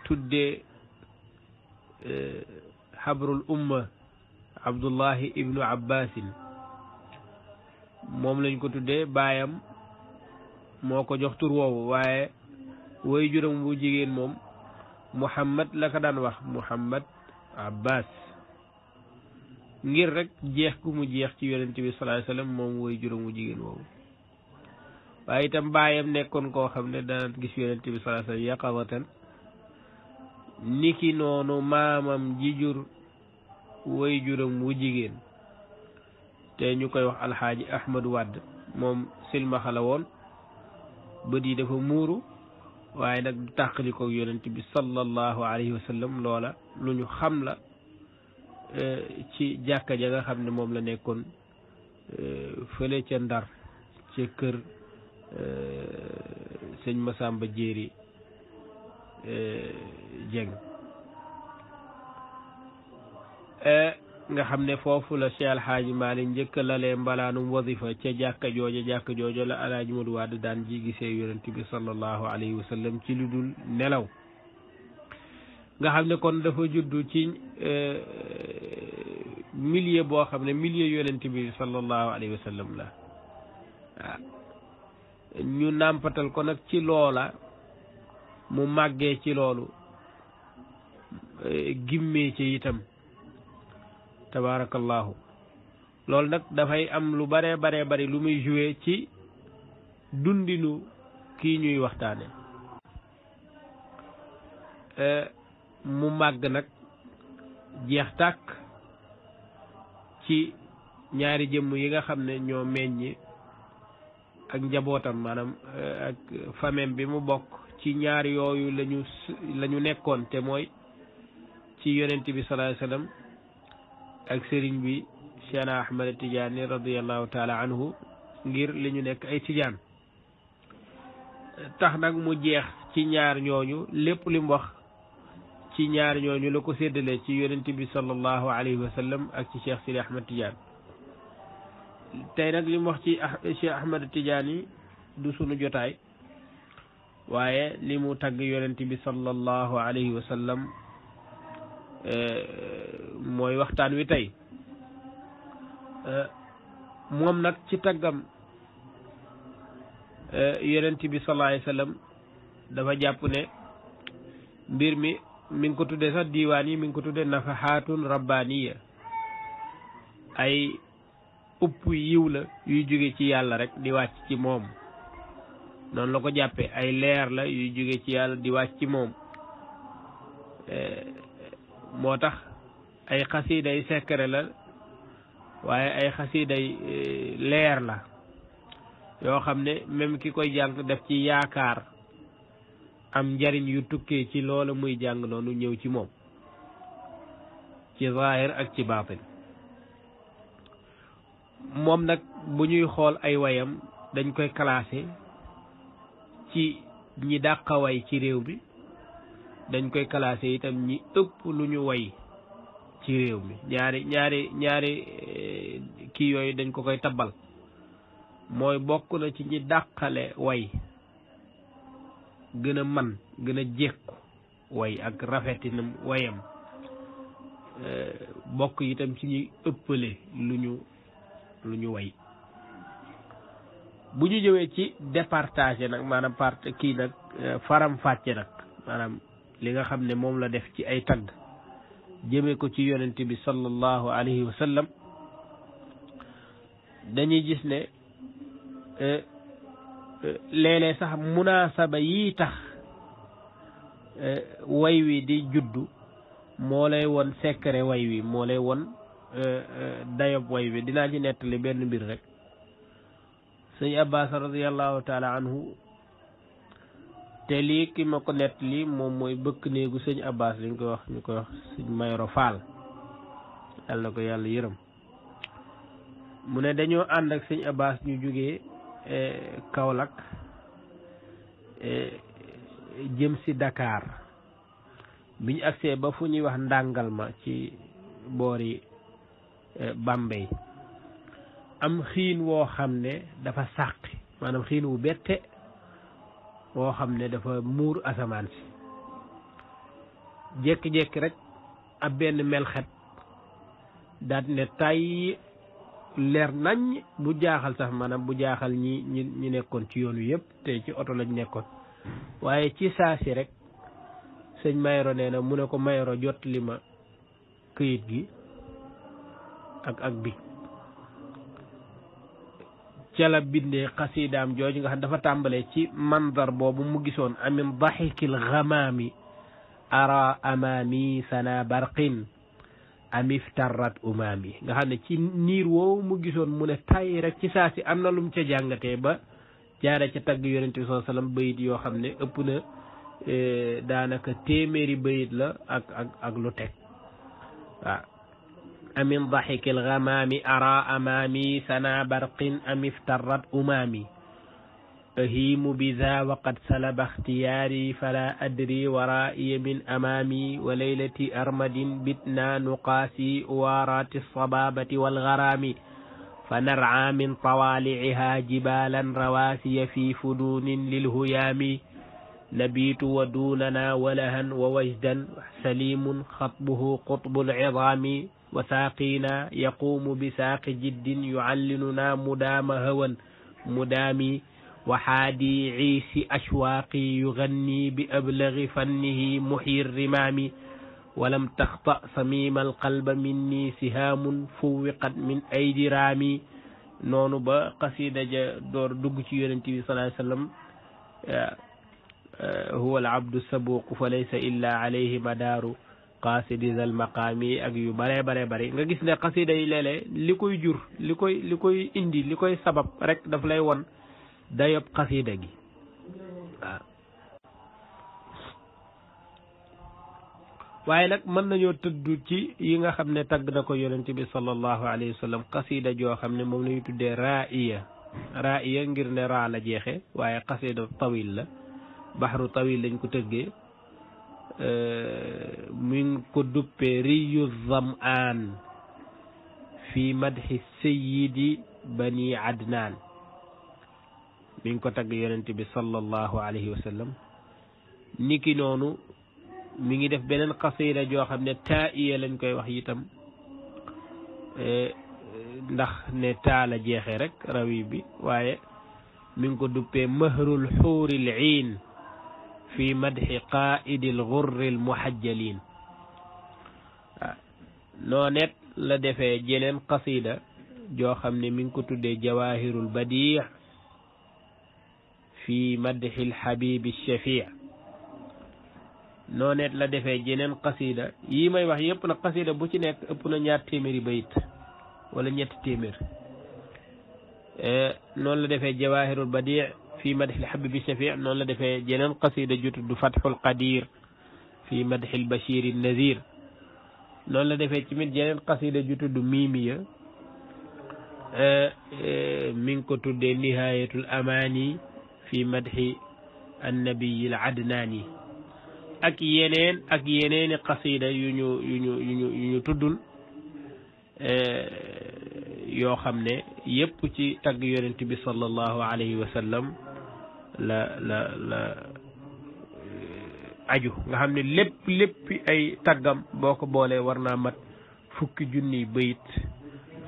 tuddee eh, xabrul umma Abdullahi ibnu Abbasin moom lañ ko tuddee baayam moo ko jox tur woowu waaye woy juróom bu jigéen moom muhammad la ko daan wax muhammad abbas ngir rek jeex ku mu jeex ci yonent bi salaay salaam moom woy juróom bu jigéen waaye itam baayam nekkoon koo xam ne daan gis yonent bi salaay salaam niki noonu maamam ji jur woy jigéen te ñu koy wax alxaaji ahmad wadd moom silmaxa la woon bët yi dafa muuru waaye nag du tàqalikoo yonent bi sallallahu alayhi wa sallam loola lu ñu xam la e, ci jàkka ja nga xam ne moom la nekkoon e, fële ca ndar ca kër e, sëñ Masamba Jéeri Jeng nga xam ne foofu la Cheikh Alhaaji Maalik njëkk lalee mbalaanum wazifa ca jàkka jooja jàkka jooja la alaaji Madu Wadd daan ji yonent bi sallallahu alayhi wa ci lu dul nelaw nga xam ne kon dafa juddu ci e, milieu boo xam ne milieu yonent bi sallallahu alayhi wa la ñu nàmpatal ko nag ci loola mu màggee ci loolu e, gimmee ci itam tabaarakallaahu loolu nag dafay am lu bare baree bari lu muy joué ci dundinu ki ñuy waxtaane euh, mu màgg nag jeex tàkk ci ñaari jëmm yi nga xam ne ñoo meññ ak njabootam maanaam euh, ak famem bi mu bokk ci ñaar yooyu lañu lañu nekkoon te mooy ci yonent bi sallallahu alayhi ak sëriñ bi Cheikh Ahmad Tidiane radiallahu taala anhu ngir li ñu nekk ay tijaan tax nag mu jeex ci ñaar ñooñu lépp lim wax ci ñaar ñooñu la ko séddale ci yonent bi sallallahu alayhi wa sallam ak ci Cheikh Sidi Ahmad Tidiane tey nag lim wax ci ah, Cheikh Ahmad Tidiane yi du sunu jotaay waaye li mu tagg yonent bi sallallahu alayhi wa Euh, mooy waxtaan wi tey euh, moom nag ci taggam euh, yonent bi sallallahu alayhi dafa jàpp ne mbir mi mi ngi ko tuddee sax diwaan yi mi ngi ko tuddee nafahaatun rabbaaniya ay upp yiw la yuy jóge ci yàlla rek di wàcc ci moom noonu la ko jàppee ay leer la yuy jóge ci yàlla di wàcc ci moom moo tax ay xasiiday secret la waaye ay xasiiday e, leer la yoo xam ne même ki koy jàng def ci yaakaar am njariñ yu tukkee ci loola muy jàng noonu ñëw ci moom ci zaahir ak ci baatin moom nag bu ñuy xool ay wayam dañ koy classé ci ñi dàqaway ci réew bi dañ koy classé itam ñi ëpp lu ñu woy ci réew mi ñaari ñaari ñaari eh, kii yooyu dañ ko koy tabbal mooy bokk na ci ñi dàqale woy gën a man gën a jékku woy ak rafetinam wayam eh, bokk itam ci ñi ëppale lu ñu lu ñu woy bu ñu jëwee ci départage nag maanaam part kii nag eh, faram fàcce nag li nga xam ne moom la def ci ay tagg jëme ko ci yonent bi sallallahu alayhi wa sallam dañuy gis ne e, e, léeg-léeg sax munaasaba yii tax e, way wi di juddu moo lay won secret way wi moo lay won dayob way wi dinaa ci nettali benn mbir rek sëñ abbas radiallahu taala anhu te lii ki ma ko nettali moom mooy bëkk néegu sëñ li liñ koy wax ñu koy wax sëñ Mayoro Fall na ko yàlla yërëm mu ne dañoo ànd ak sëñ Abbas ñu jóge e, Kaolack e, jëm dakaar Dakar biñ agsee ba fu ñuy wax ndàngal ma ci boori e, Bambey am xiin woo xam ne dafa sàqi maanaam xiin wu bette woo xam ne dafa muur asamaan si jékki-jékki rek ab benn melxet daat ne tàyyi leer nañ bu jaaxal sax maanaam bu jaaxal ñi ñi ñi nekkoon ci yoon wi yëpp te ci oto lañ nekkoon waaye ci saa si rek sëñ Mayoro nee na mu ne ko Mayoro jot li ma këyit gi ak ak bi ca la bindee xasiidaam jooju nga xam dafa tàmbalee ci mandar boobu mu gisoon amin daxikil xamaami ara amaami sana barqin amif tarrat umaami nga xam ne ci niir woowu mu gisoon mu ne tàyyi rek ci saa si am na lum ca jàngatee ba jaare ca tagg yonente bi saa sallam bayit yoo xam ne ëpp na eh, daanaka téeméeri bayit la ak ak ak lu teg waaw أمن ضحك الغمام أرى أمامي سنا برق أم افترت أمامي أهيم بذا وقد سلب اختياري فلا أدري ورائي من أمامي وليلة أرمد بتنا نقاسي أوارات الصبابة والغرام فنرعى من طوالعها جبالا رواسي في فنون للهيام نبيت ودوننا ولها ووجدا سليم خطبه قطب العظام وساقينا يقوم بساق جد يعلننا مدام هوى مدامي وحادي عيسي أشواقي يغني بأبلغ فنه محيي الرمام ولم تخطأ صميم القلب مني سهام فوقت من أيدي رامي نونو با قصيدة دور دقشي يونتي صلى الله عليه وسلم آه، آه، هو العبد السبوق فليس إلا عليه مدار qaasidi zal maqaami ak yu bare bare bari nga gis ne xasida yi léeg-léeg li koy jur li koy li koy indi li koy sabab rek daf lay won dayob xasida gi waaw waaye nag mën nañoo tëdd ci yi nga xam ne tagg na ko yonent bi sallallahu alayhi wa sallam xasida joo xam ne moom lañu tuddee raaiya raaiya ngir ne raa la jeexe waaye xasida tawil la baxru tawil lañ ko tëggee آه، من كدب ري الظمآن في مدح السيد بني عدنان من كتاب يرنتي صلى الله عليه وسلم نيكي نونو من داف بنن قصيدة جو خامني تائية لنج كاي واخ يتام آه، ندخ ني تا لا جيخي رك مهر الحور العين fi madxi qaaidi lxurri almuhajjaliin noonet la defe jeneen qasida joo xam ne mi ngi ko tuddee jawaahirul badii fi madxi lxabibi shafii noonet la defe jeneen qasida yi may wax yëpp nag qasida bu ci nekk ëpp na ñaar téeméeri bayit wala ñetti téeméer eh, noonu la defee jawaahirul badii في مدح الحب بشفيع نون نعم، لا دافي جنن قصيده جوتو فتح القدير في مدح البشير النذير نون نعم، لا دافي تيميت جنن قصيده جوتو دو ميميا ا آه، آه، من كو تودي نهايه الاماني في مدح النبي العدناني اك يينين اك يينين قصيده يونيو يونيو يونيو يونيو تودول ا يو خامني ييب تي تاغ يونتبي صلى الله عليه وسلم la la la aju nga xam ne lépp léppi ay taggam boo ko boolee war naa mat fukki junniy bayit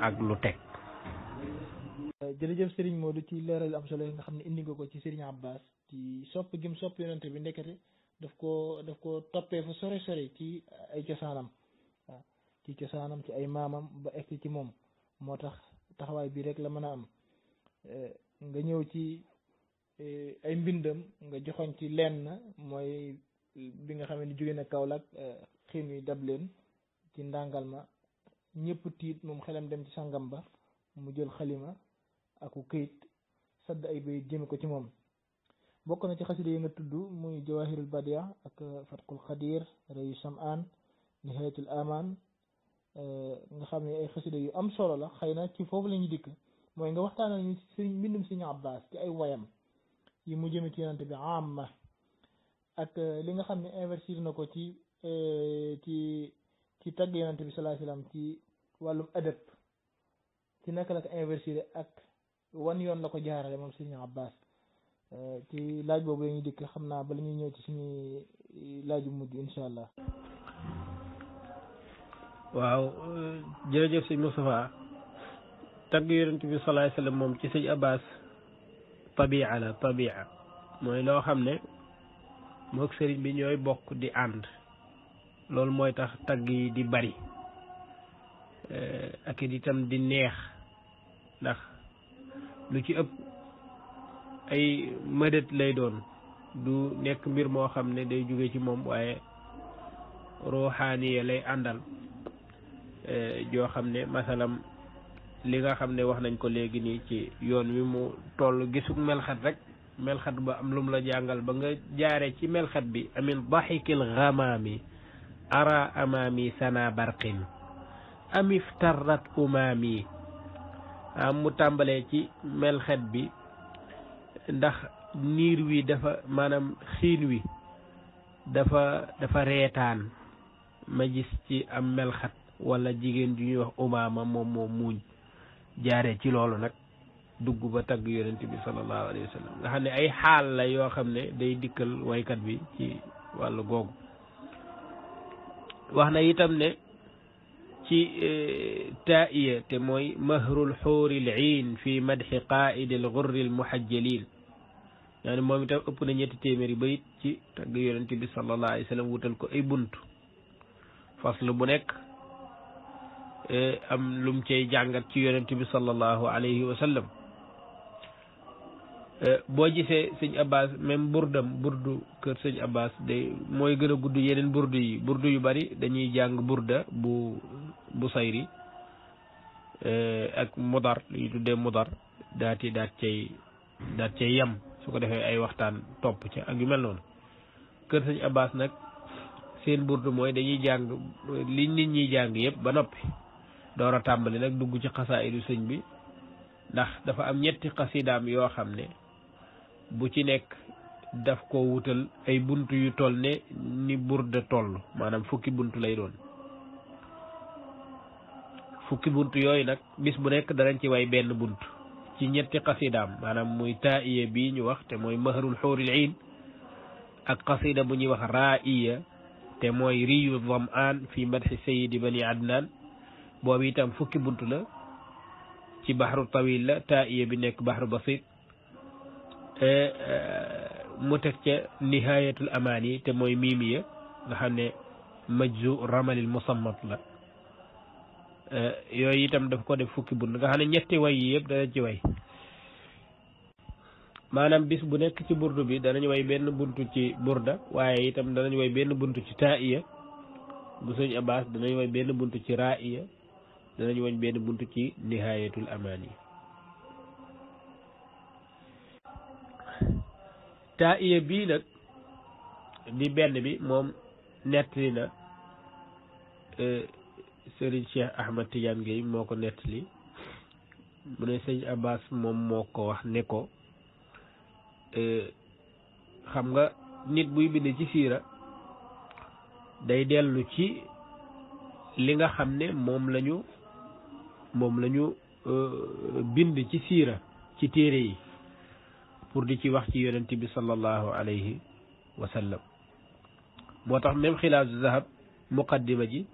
ak lu teg jërëjëf Serigne Modou ci leeral yu am solo yi nga xam ne indi nga ko ci Serigne Abbas ci sopp gi mu sopp yonente bi ndekete daf ko daf ko toppee fu sore sore ci ay cosaanam waaw ci cosaanam ci ay maamam ba egg ci moom moo tax taxawaay bii rek la mën a am eh, nga ñëw ci Eh, ay mbindam nga joxoon ci lenn mooy bi nga xamee ni jóge na Kaolack eh, xiin wi dab leen ci ndàngal ma ñëpp tiit moom xelam dem ci sangam ba mu jël xalima aku këyit sadd ay bay jëme ko ci moom bokk na ci xasida yi nga tudd muy jawahirul badia ak fatqul xadir rayu samaan nihayatul aman eh, nga xam ne ay xasida yu am solo la xëy na ci foofu lañuy dikk mooy nga waxtaanal ñu si mbindum Sëriñ Abbaas ci ay wayam ci mu jëme ci yonante bi amma ak euh, li nga xam ne investir na ko ci euh, ci ci tagg yonante bi sallallahu alayhi ci wàllum adab ci naka la ko investir ak wan yoon la ko jaarale moom Sëriñ Abbas euh, ci laaj boobu la dikk xam naa ba lañuy ñëw ci suñu laaju mujj insha allah waaw jërëjëf si Moustapha tagg yonante bi sallallahu alayhi wasallam moom ci sëñ Abbas tabia la tabia mooy loo xam ne mook sëriñ bi ñooy bokk di ànd loolu mooy tax tagg yi di bari eh, ak it itam di neex ndax lu ci ëpp ay mëdët lay doon du nekk mbir moo xam ne day jóge ci moom waaye ruuxaaniye lay àndal eh, joo xam ne masalam li nga xam ne wax nañ ko léegi nii ci yoon wi mu toll gisug melxat rek melxat ba am lum la jàngal ba nga jaare ci melxat bi amin daxikil xamaami ara amaami sana barqin amif tarrat umaami am ah, mu tàmbalee ci melxat bi ndax niir wi dafa maanaam xiin wi dafa dafa reetaan ma gis ci am melxat wala jigéen ju ñuy wax umaama moom moom muuñ jaaree ci loolu nag dugg ba tagg yonent bi sallallahu alayhi wa sallam nga xam ne ay xaal la yoo xam ne day dikkal waykat bi ci wàllu googu wax na itam ne ci e, taa'iya te mooy mahrul xuuril iin fi madxi qaa'idil gurril muhajjaliin yaa ne moom itam ëpp na ñetti téeméeri bayit ci tagg yonent bi sallallahu alayhi wa wutal ko ay bunt faslu bu nekk Eh, am lum cey jàngat ci yonent bi sallallahu alayhi wa eh, boo gisee sëñ abbas même burdam burdu kër sëñ abbas day mooy gën a gudd yeneen burdu yi burdu yu bari dañuy jàng burda bu bu sayri eh, ak mudar yu tuddee mudar daati daat cay daat cay yem su ko defee ay waxtaan topp ca ak yu mel noonu kër sëñ abbas nag seen burdu mooy dañuy jàng li nit ñiy jàng yëpp ba noppi door a tàmbali nag dugg ci xasaayidu sëñ bi ndax dafa am ñetti xasidaam yoo xam ne bu ci nekk daf ko wutal ay bunt yu toll ne ni burda toll maanaam fukki bunt lay doon fukki bunt yooyu nag bis bu nekk danañ ci way benn bunt ci ñetti xasidaam maanaam muy taa'iya bii ñu wax te mooy mahrul xuuril iin ak xasida bu ñuy wax raa'iya te mooy riyu dam aan fi di sayidi bani adnaan boobu itam fukki bunt la ci baxaru tawil la taa'iya bi nekk baxaru basit e, e, mu teg ca nihayatul amaani te mooy miimiya nga xam ne majzu ramalil musammat la e, yooyu itam daf ko def fukki bunt nga xam ne ñetti way yi yëpp dana ci way maanaam bis bu nekk ci burdu bi danañ way benn buntu ci burda waaye itam danañ way benn buntu ci taa'iya bu sëñ Abbas danañ way benn buntu ci raa'iya danañ wañ benn buntu ci nihayatul amaan yi taa iya bii nag di benn bi moom nettali na euh, sëriñ Cheikh Ahmad Tidiane Gueye moo ko nettali mu ne sëñ Abbas moom moo ko wax ne ko euh, xam nga nit buy bind ci siira day dellu ci li nga xam ne moom lañu moom la ñu euh, bind ci siira ci téere yi pour di ci wax ci yonent bi sallallahu alayhi wa sallam moo tax même xilaasu zahab muqaddima ji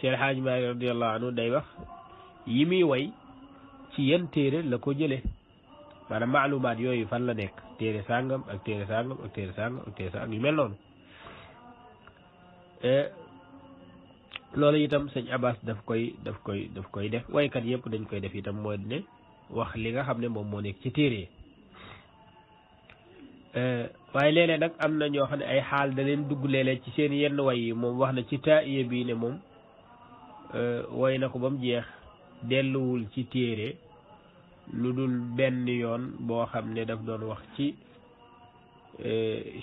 Cheikh Haaj Maalik radiallahu anhu day wax yi muy way ci yan téere la ko jëlee maanaam maalumaat yooyu fan la nekk téere sàngam ak téere sàngam ak téere sàngam ak téere sàngam yu mel noonu euh, loolu itam sëñ Abbas daf koy daf koy daf koy def waykat yëpp dañ koy def itam moo ne wax li nga xam ne moom moo nekk ci téere eh, waaye léeg-léeg nag am na ñoo xam ne ay xaal daleen dugg léeg ci seen yenn way yi moom wax na ci taa taaye bii ne moom eh, way na ko ba jeex delluwul ci téere lu dul benn yoon boo xam ne daf doon wax ci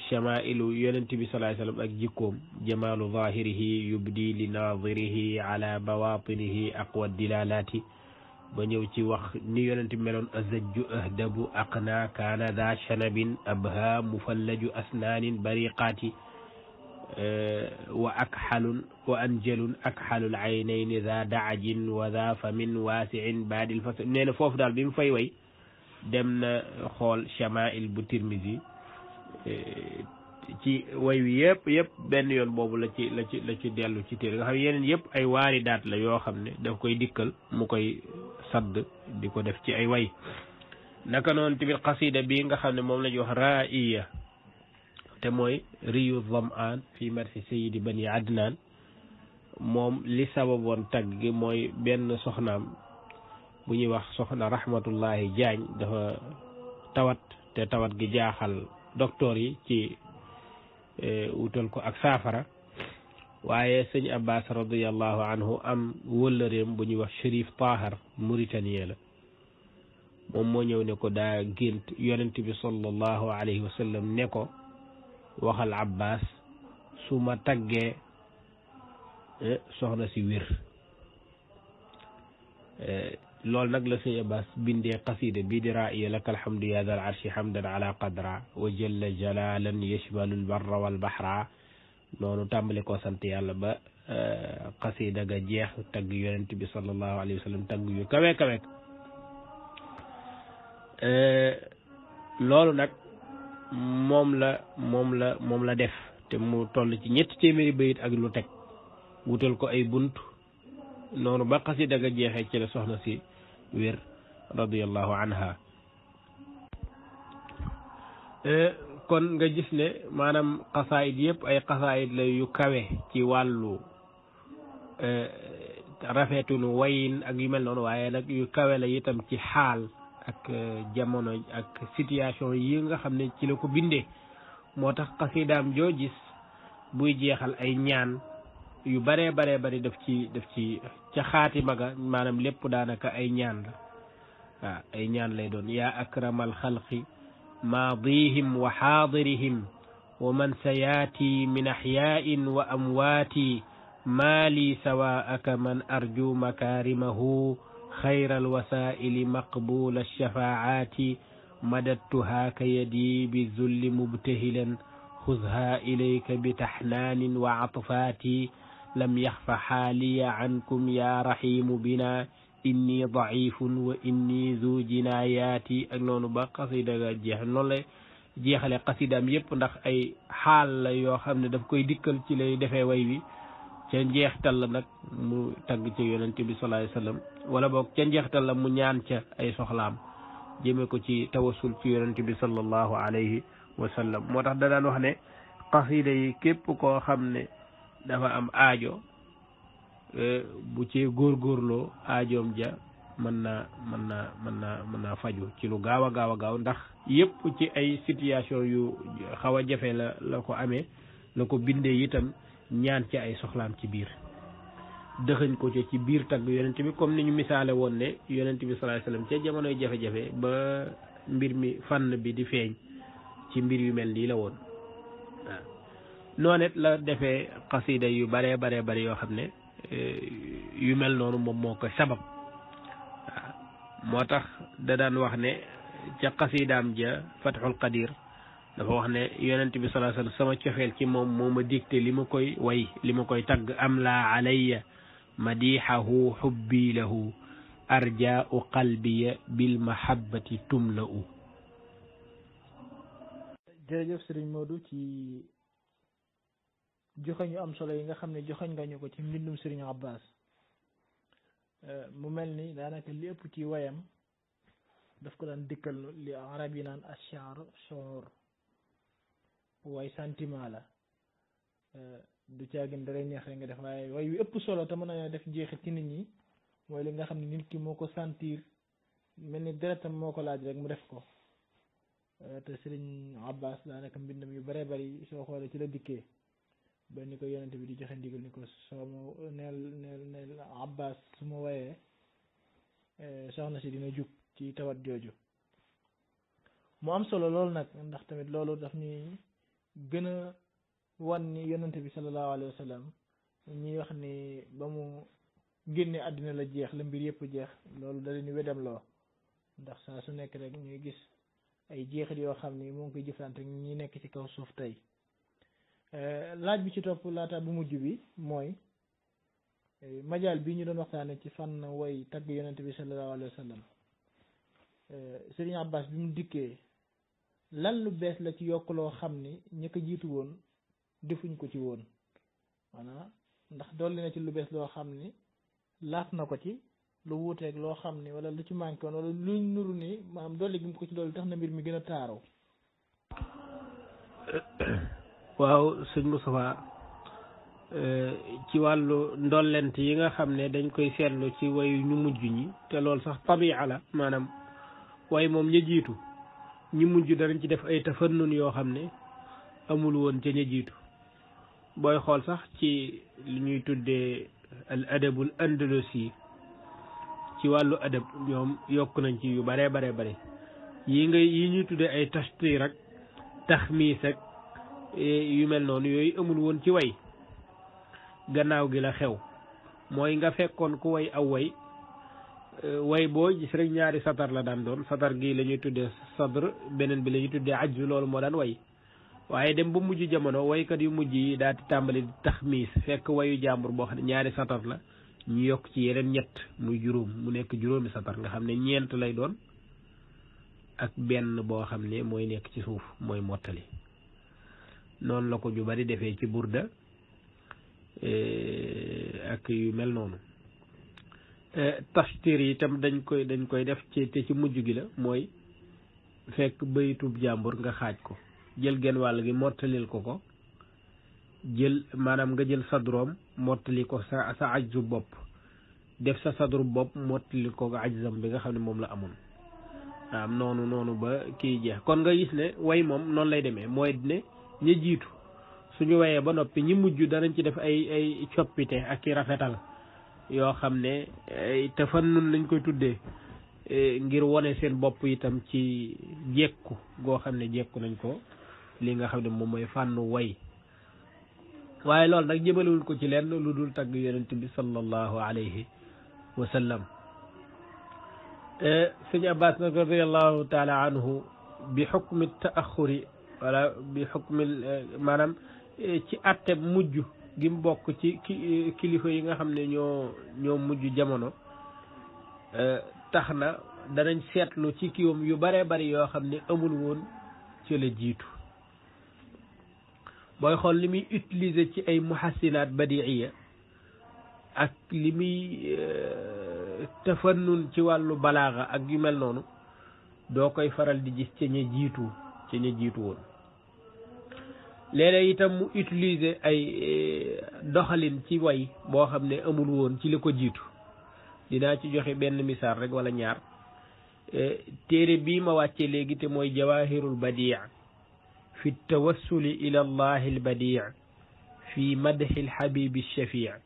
شمائل يونت بي صلى الله عليه وسلم جمال ظاهره يبدي لناظره على بواطنه اقوى الدلالات بنيو تي واخ ني يونت ميلون ازج اهدب اقنا كان ذا شنب ابها مفلج اسنان بريقات واكحل وانجل اكحل العينين ذا دعج وذا فم واسع بعد الفصل نين فوف دال بيم فاي وي دمنا خول شمائل بو ترمذي Eh, ci way wi yëpp yëpp benn yoon boobu la ci la ci la ci dellu ci téere nga xam yeneen yëpp ay waari daat la yoo xam ne daf koy dikkal mu koy sadd di ko def ci ay way naka noonu tamit xasida bi nga xam ne moom la ñuy wax mooy riyu zamaan fi marsi sayidi moom li sababoon tagg gi mooy benn soxnaam bu ñuy wax soxna rahmatullahi jaañ dafa tawat te tawat gi jaaxal docteur yi ci eh, wutal ko ak saafara waaye sëñ abbas radiallahu anhu am wëllëreem bu ñuy wax shérif tahar mauritanien la moom moo ñëw ne ko daa gént yonent bi sallallahu alayhi wa ne ko waxal abbas su ma taggee eh, soxna si wér eh, loolu nag la sëñ Abbas bindee qasida bii di raaya laka alhamdu yaa dal arshi hamdan ala qadra wa jalla jalalan yashmalu albarra walbahra noonu tàmbali koo sant yàlla ba qasida e, ga jeex tagg yonent bi sallallahu alayhi wa sallam tagg yu kawe kawe e, loolu nag moom la moom la moom la def te mu toll ci ñetti téeméeri bayit ak lu teg wutal ko ay bunt noonu ba xasida ga jeexee ci la soxna si wér radiallahu anha eh, kon nga gis ne maanaam xasaayit yëpp ay xasaayit la yu kawe ci wàllu eh, rafetunu wayin ak yu mel noonu waaye nag yu kawe la itam ci xaal ak eh, jamono ak situation yi nga xam ne ci la ko bindee moo tax xasidaam joo gis buy jeexal ay ñaan yu bare bare bari daf ci daf ci ca xaatima ga maanaam lépp daanaka ay ñaan la waaw ay ñaan lay doon yaa akrama alxalqi maadihim wa xaadirihim wa man sayaati min axyaain wa amwaati maali sawaaka man arju makaarimahu خير الوسائل مقبول الشفاعات مددتها كيدي بالذل مبتهلا خذها إليك بتحنان وعطفات lam yaxfa xaaliya ankum ya rahimu bina inni daifun wa inni zu jinayaati ak noonu ba xasida ga jeex noonu la jeexale xasidaam yépp ndax ay xaal la yoo xam ne daf koy dikkal ci lay defee way wi ca tal la nag mu tagg ca yonente bi sallallahu alayhi wasallam wala book ca njeextal la mu ñaan ca ay soxlaam jëme ko ci tawasul ci yonente bi sallallahu alayhi moo tax da wax ne xasida yi képp koo xam ne dafa am aajo eh, bu góor góorgóorloo aajoom ja mën naa mën naa mën naa mën naa faju ci lu gaaw a gaaw a gaaw ndax yépp ci ay situation yu xaw a jafe la la ko amee la ko bindee itam ñaan ci ay soxlaam ci biir dëxëñ ko ci ci biir tagg yonent bi comme ni ñu misaale woon ne yonent bi sallallahu alayhi ca jamonoy jafe-jafe ba mbir mi fànn bi di feeñ ci mbir yu mel nii la woon noonu it la defee xasida yu bare bare bare yoo xam ne eh, yu mel noonu moom moo koy sabab moo tax da daan wax ne ca xasidaam ja fatxul qadir dafa wax ne yonent bi salaa sama cofeel ci moom moo ma dicté li ma koy way li ma koy tagg am laa alayya madixahu xubbi lahu arjaau qalbiya bil mahabbati tumla u ci joxeñ yu am solo yi nga xam ne joxeñ nga ñu ko ci mbindum Sëriñ Abbas euh, mu mel ni daanaka li ëpp ci wayam daf ko daan dëkkal li arab yi naan ashaar shoor way santiment la euh, du caagin dara neex rek nga def waaye way wi ëpp solo te mën a def jeexit ci nit ñi mooy li nga xam ne nit ki moo ko sentir mel ni deretam moo ko laaj rek mu def ko euh, te Sëriñ Abbas daanaka mbindam yu bare bari soo xoolee ci la dikkee ba ni ko yonent bi di joxe ndigal ni ko soo ma neel neel neel abbas su ma wayee eh, soxna si dina jug ci tawat jooju mu am solo loolu nag ndax tamit loolu daf ñuy gën a wan ni yonent bi sallallahu alayhi wa sallam ñuy wax ni ba mu génne àddina la jeex la mbir yëpp jeex loolu da leen wedam loo ndax saa su nekke rek ñuy gis ay jeexit yoo xam ni mu ngi koy jëflante ñi nekk ci kaw suuf tey Euh, laaj bi ci topp laata bu mujj bi mooy eh, majaal bi ñu doon waxtaane ci fan woy tagg yonent bi sallallahu alayhi wa sallam eh, sëriñ Abbas bi mu dikkee lan lu bees la ci yokk loo xam ni ñëkk jiitu woon defuñ ko ci woon maanaam ndax dolli na ci lu bees loo xam ni laaf na ko ci lu wuuteeg loo xam ni wala lu ci manqué woon lu luñ nuru ni maanaam dolli gi mu ko ci loolu tax na mbir mi gën a taaroo waaw sëñ Moustapha euh, ci wàllu ndollent yi nga xam ne dañ koy seetlu ci wayu ñu mujj ñi te loolu sax tabia la maanaam waaye moom ña jiitu ñi mujj danañ ci def ay tafannun yoo xam ne amul woon ca ña jiitu booy xool sax ci li ñuy tuddee al adabul andalusi ci wàllu adab ñoom yokk nañ ci yu bare bare bare yi nga yi ñuy tuddee ay tashtir ak taxmiis ak E yu mel noonu yooyu amul woon ci way gannaaw gi la xew mooy nga fekkoon ku way aw way e, way boo gis rek ñaari satar la daan doon satar gi la ñuy tuddee sadr beneen bi lañuy tuddee ajju loolu moo daan way waaye dem ba mujj jamono waykat yu mujj yi daal di tàmbali tax taxmiis fekk wayu jàmbur boo xam ne ñaari satar la ñu yokk ci yeneen ñett muy juróom mu nekk juróomi satar nga xam ne ñeent lay doon ak benn boo xam ne mooy nekk ci suuf mooy mottali noonu la ko ñu bari defee ci burda eh, ak yu mel noonu eh, tafsir yi tam dañ koy dañ koy def ci mujj gi la mooy fekk baytub jàmbur nga xaaj ko jël genn wàll gi mottalil ko ko jël maanaam nga jël sadroom mottali ko sa sa ajju bopp def sa sadru bopp mottali ko ajzam bi nga xam ne moom la amul waaw noonu noonu ba kii jeex kon nga gis ne way moom noonu lay demee mooy ne ña jiitu suñu woyee ba noppi ñi mujj danañ ci def ay ay coppite ak i rafetal yoo xam ne te fan nun lañ koy tuddee e, ngir wone seen bopp itam ci jekku goo xam ne jekku nañ ko li nga xam ne moom mooy fànnu way waaye loolu nag jëmalewul ko ci lenn lu dul tagg yonent bi sallallahu alayhi wa sallam e, sëñ abbas nag anhu bi xukmi taaxuri wala bi xukmil maanaam eh, ci atte mujj gi mu bokk ci ki eh, kilifa yi nga xam ne ñoo ñoo mujj jamono eh, tax na danañ seetlu ci kiwam yu bare bari yoo xam ne amul woon ci la jiitu booy xool li muy utilise ci ay muhassinaat badiiya ak li muy tafannun ci wàllu balaaxa ak yu mel noonu doo koy faral di ji ci ña jiitu ci ña jiitu woon léeg-léeg itam mu utiliser ay eh, doxalin ci way boo xam ne amul woon ci li ko jiitu dinaa ci joxe benn misaal rek wala ñaar eh, téere bii ma wàcce léegi te mooy jawahirul badii fi tawassuli ila allahi al badii fi madhi al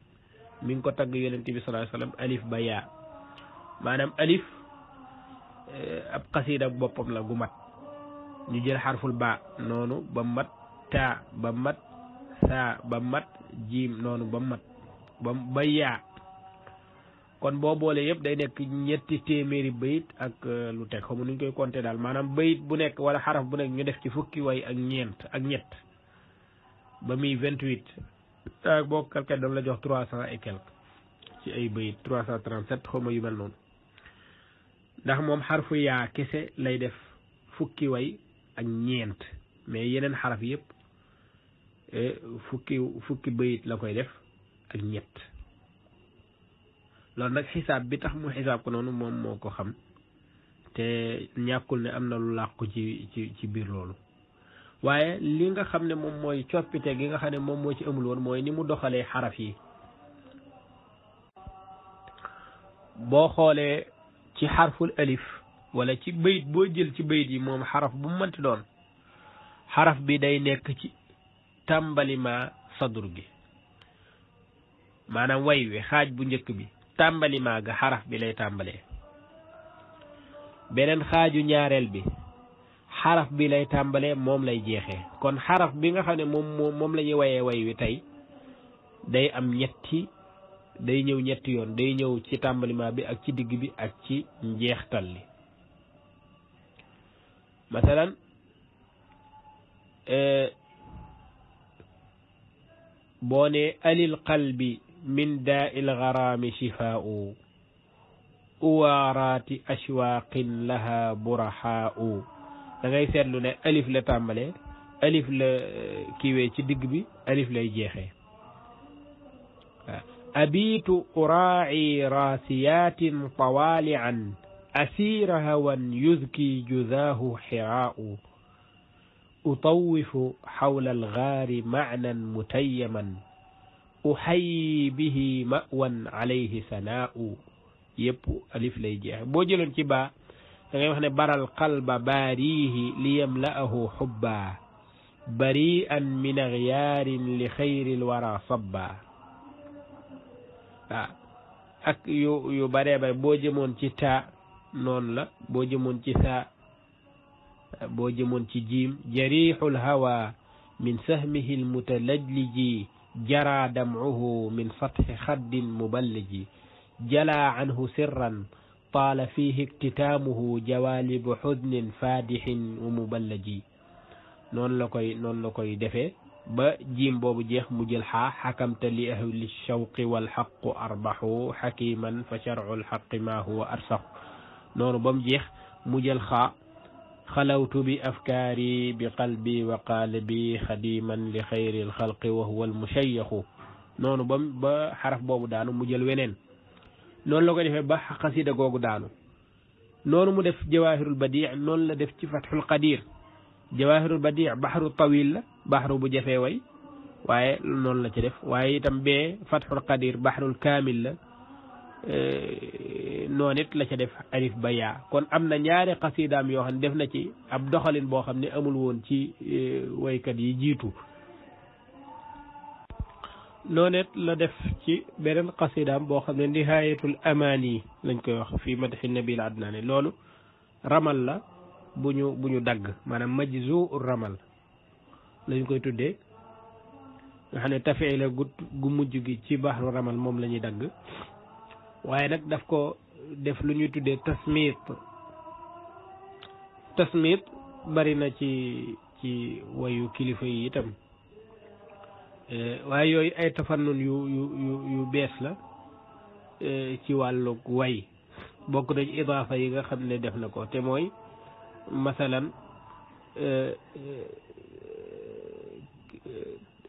ngi ko tagg yonente bi sallallahu alif ba yaa maanaam alif eh, ab xasiida boppam la gu mat ñu jël xarful noonu ba mat taa ba mat saa ba mat jiim noonu ba mat ba ba yaa kon boo boole yëpp day nekk ñetti téeméeri bayit ak euh, lu teg xamu nuñ koy conté daal maanaam bayit bu nekk wala xaraf bu nekk ñu def ci fukki way ak ñeent ak ñett ba muy vingt huit ak boo calcul dama la jox trois cent et quelque ci ay bayit trois cent trent sept xaw ma yu mel noonu ndax moom xarfu yaa kese lay def fukki way ak ñeent mais yeneen xaraf yëpp fukki fukki bayit la koy def ak ñett loolu nag xisaab bi tax mu xisaab ko noonu moom moo ko xam te ñàkkul ne am na lu làqu ci ci ci biir loolu waaye li nga xam ne moom mooy coppite gi nga xam ne moom moo ci amul woon mooy ni mu doxalee xaraf yi boo xoolee ci xarful alif wala ci bayit boo jël ci bayit yi moom xaraf bu mu mënti doon xaraf bi day nekk ci tàmbalima sadr gi maanaam way wi xaaj bu njëkk bi tàmbalima ga xaraf bi lay tàmbalee beneen xaaju ñaareel bi xaraf bi lay tàmbalee moom lay jeexee kon xaraf bi nga xam ne moom lañuy la wayee way wi tey day am ñetti day ñëw ñetti yoon day ñëw ci tàmbalima bi ak ci digg bi ak ci njeextal li masalan euh, بوني أل القلب من داء الغرام شفاء أوارات أشواق لها برحاء دا غاي الف لا الف لا كيوي الف لا أبيت أراعي راسيات طوالعا أسير هوى يزكي جذاه حراء أطوف حول الغار معنى متيما أحيي به مأوى عليه ثناء yëpp alif lay jeex boo jëloon ci baa da ngay wax ne baral qalba baariihi liyam la ahu xubba barian min axyaarin li xayril wara sabba waaw ak yu yu baree bare boo jëmoon ci taa noonu la boo jëmoon ci saa بوجمون jëmoon ci jiim jarixul hawa min sahmihi almutalajliji jara damcuhu min fatxi xaddin muballiji jala anhu طال فيه اكتتامه جوالب حزن فادح ومبلج نون لكوي نون لكوي دفي با جيم بوب جيخ مجلحا حكمت لاهل الشوق والحق اربحوا حكيما فشرع الحق ما هو ارسخ نون بام جيخ مو xalawtu bi afkaari bi qalbi wa qaalibi xadiman li xayril xalqi wa huwa al mushayaxu noonu ba ba xaraf boobu daanu mu jël weneen noonu la ko defee ba xasida googu daanu noonu mu def jawaahirul badii noonu la def ci fatxul qadir jawaahirul badii baxru tawil la baxru bu jafee way waaye noonu la ci def waaye itam bee fatxul qadir baxrul kaamil la Euh, noonu it la ca def alif ba yaa kon am na ñaari xasiidaam yoo xam ne def na ci ab doxalin boo xam ne amul woon ci euh, waykat yi jiitu noonu it la def ci beneen xasiidaam boo xam ne nihaayatul yi lañ koy wax fii ma madxi nabil ne loolu ramal la bu ñu bu ñu dagg maanaam majzu ramal lañ koy tuddee nga xam ne tafee gu mujj gi ci baaxru ramal moom lañuy dagg waaye nag daf ko def lu ñuy tuddee tasmit tasmit bari na ci ci wayu kilifa yi itam eh, waaye yooyu ay tafannun yu yu yu yu bees la eh, ci wàllug way bokk na ci idaafa yi nga xam ne def na ko te mooy masalan eh,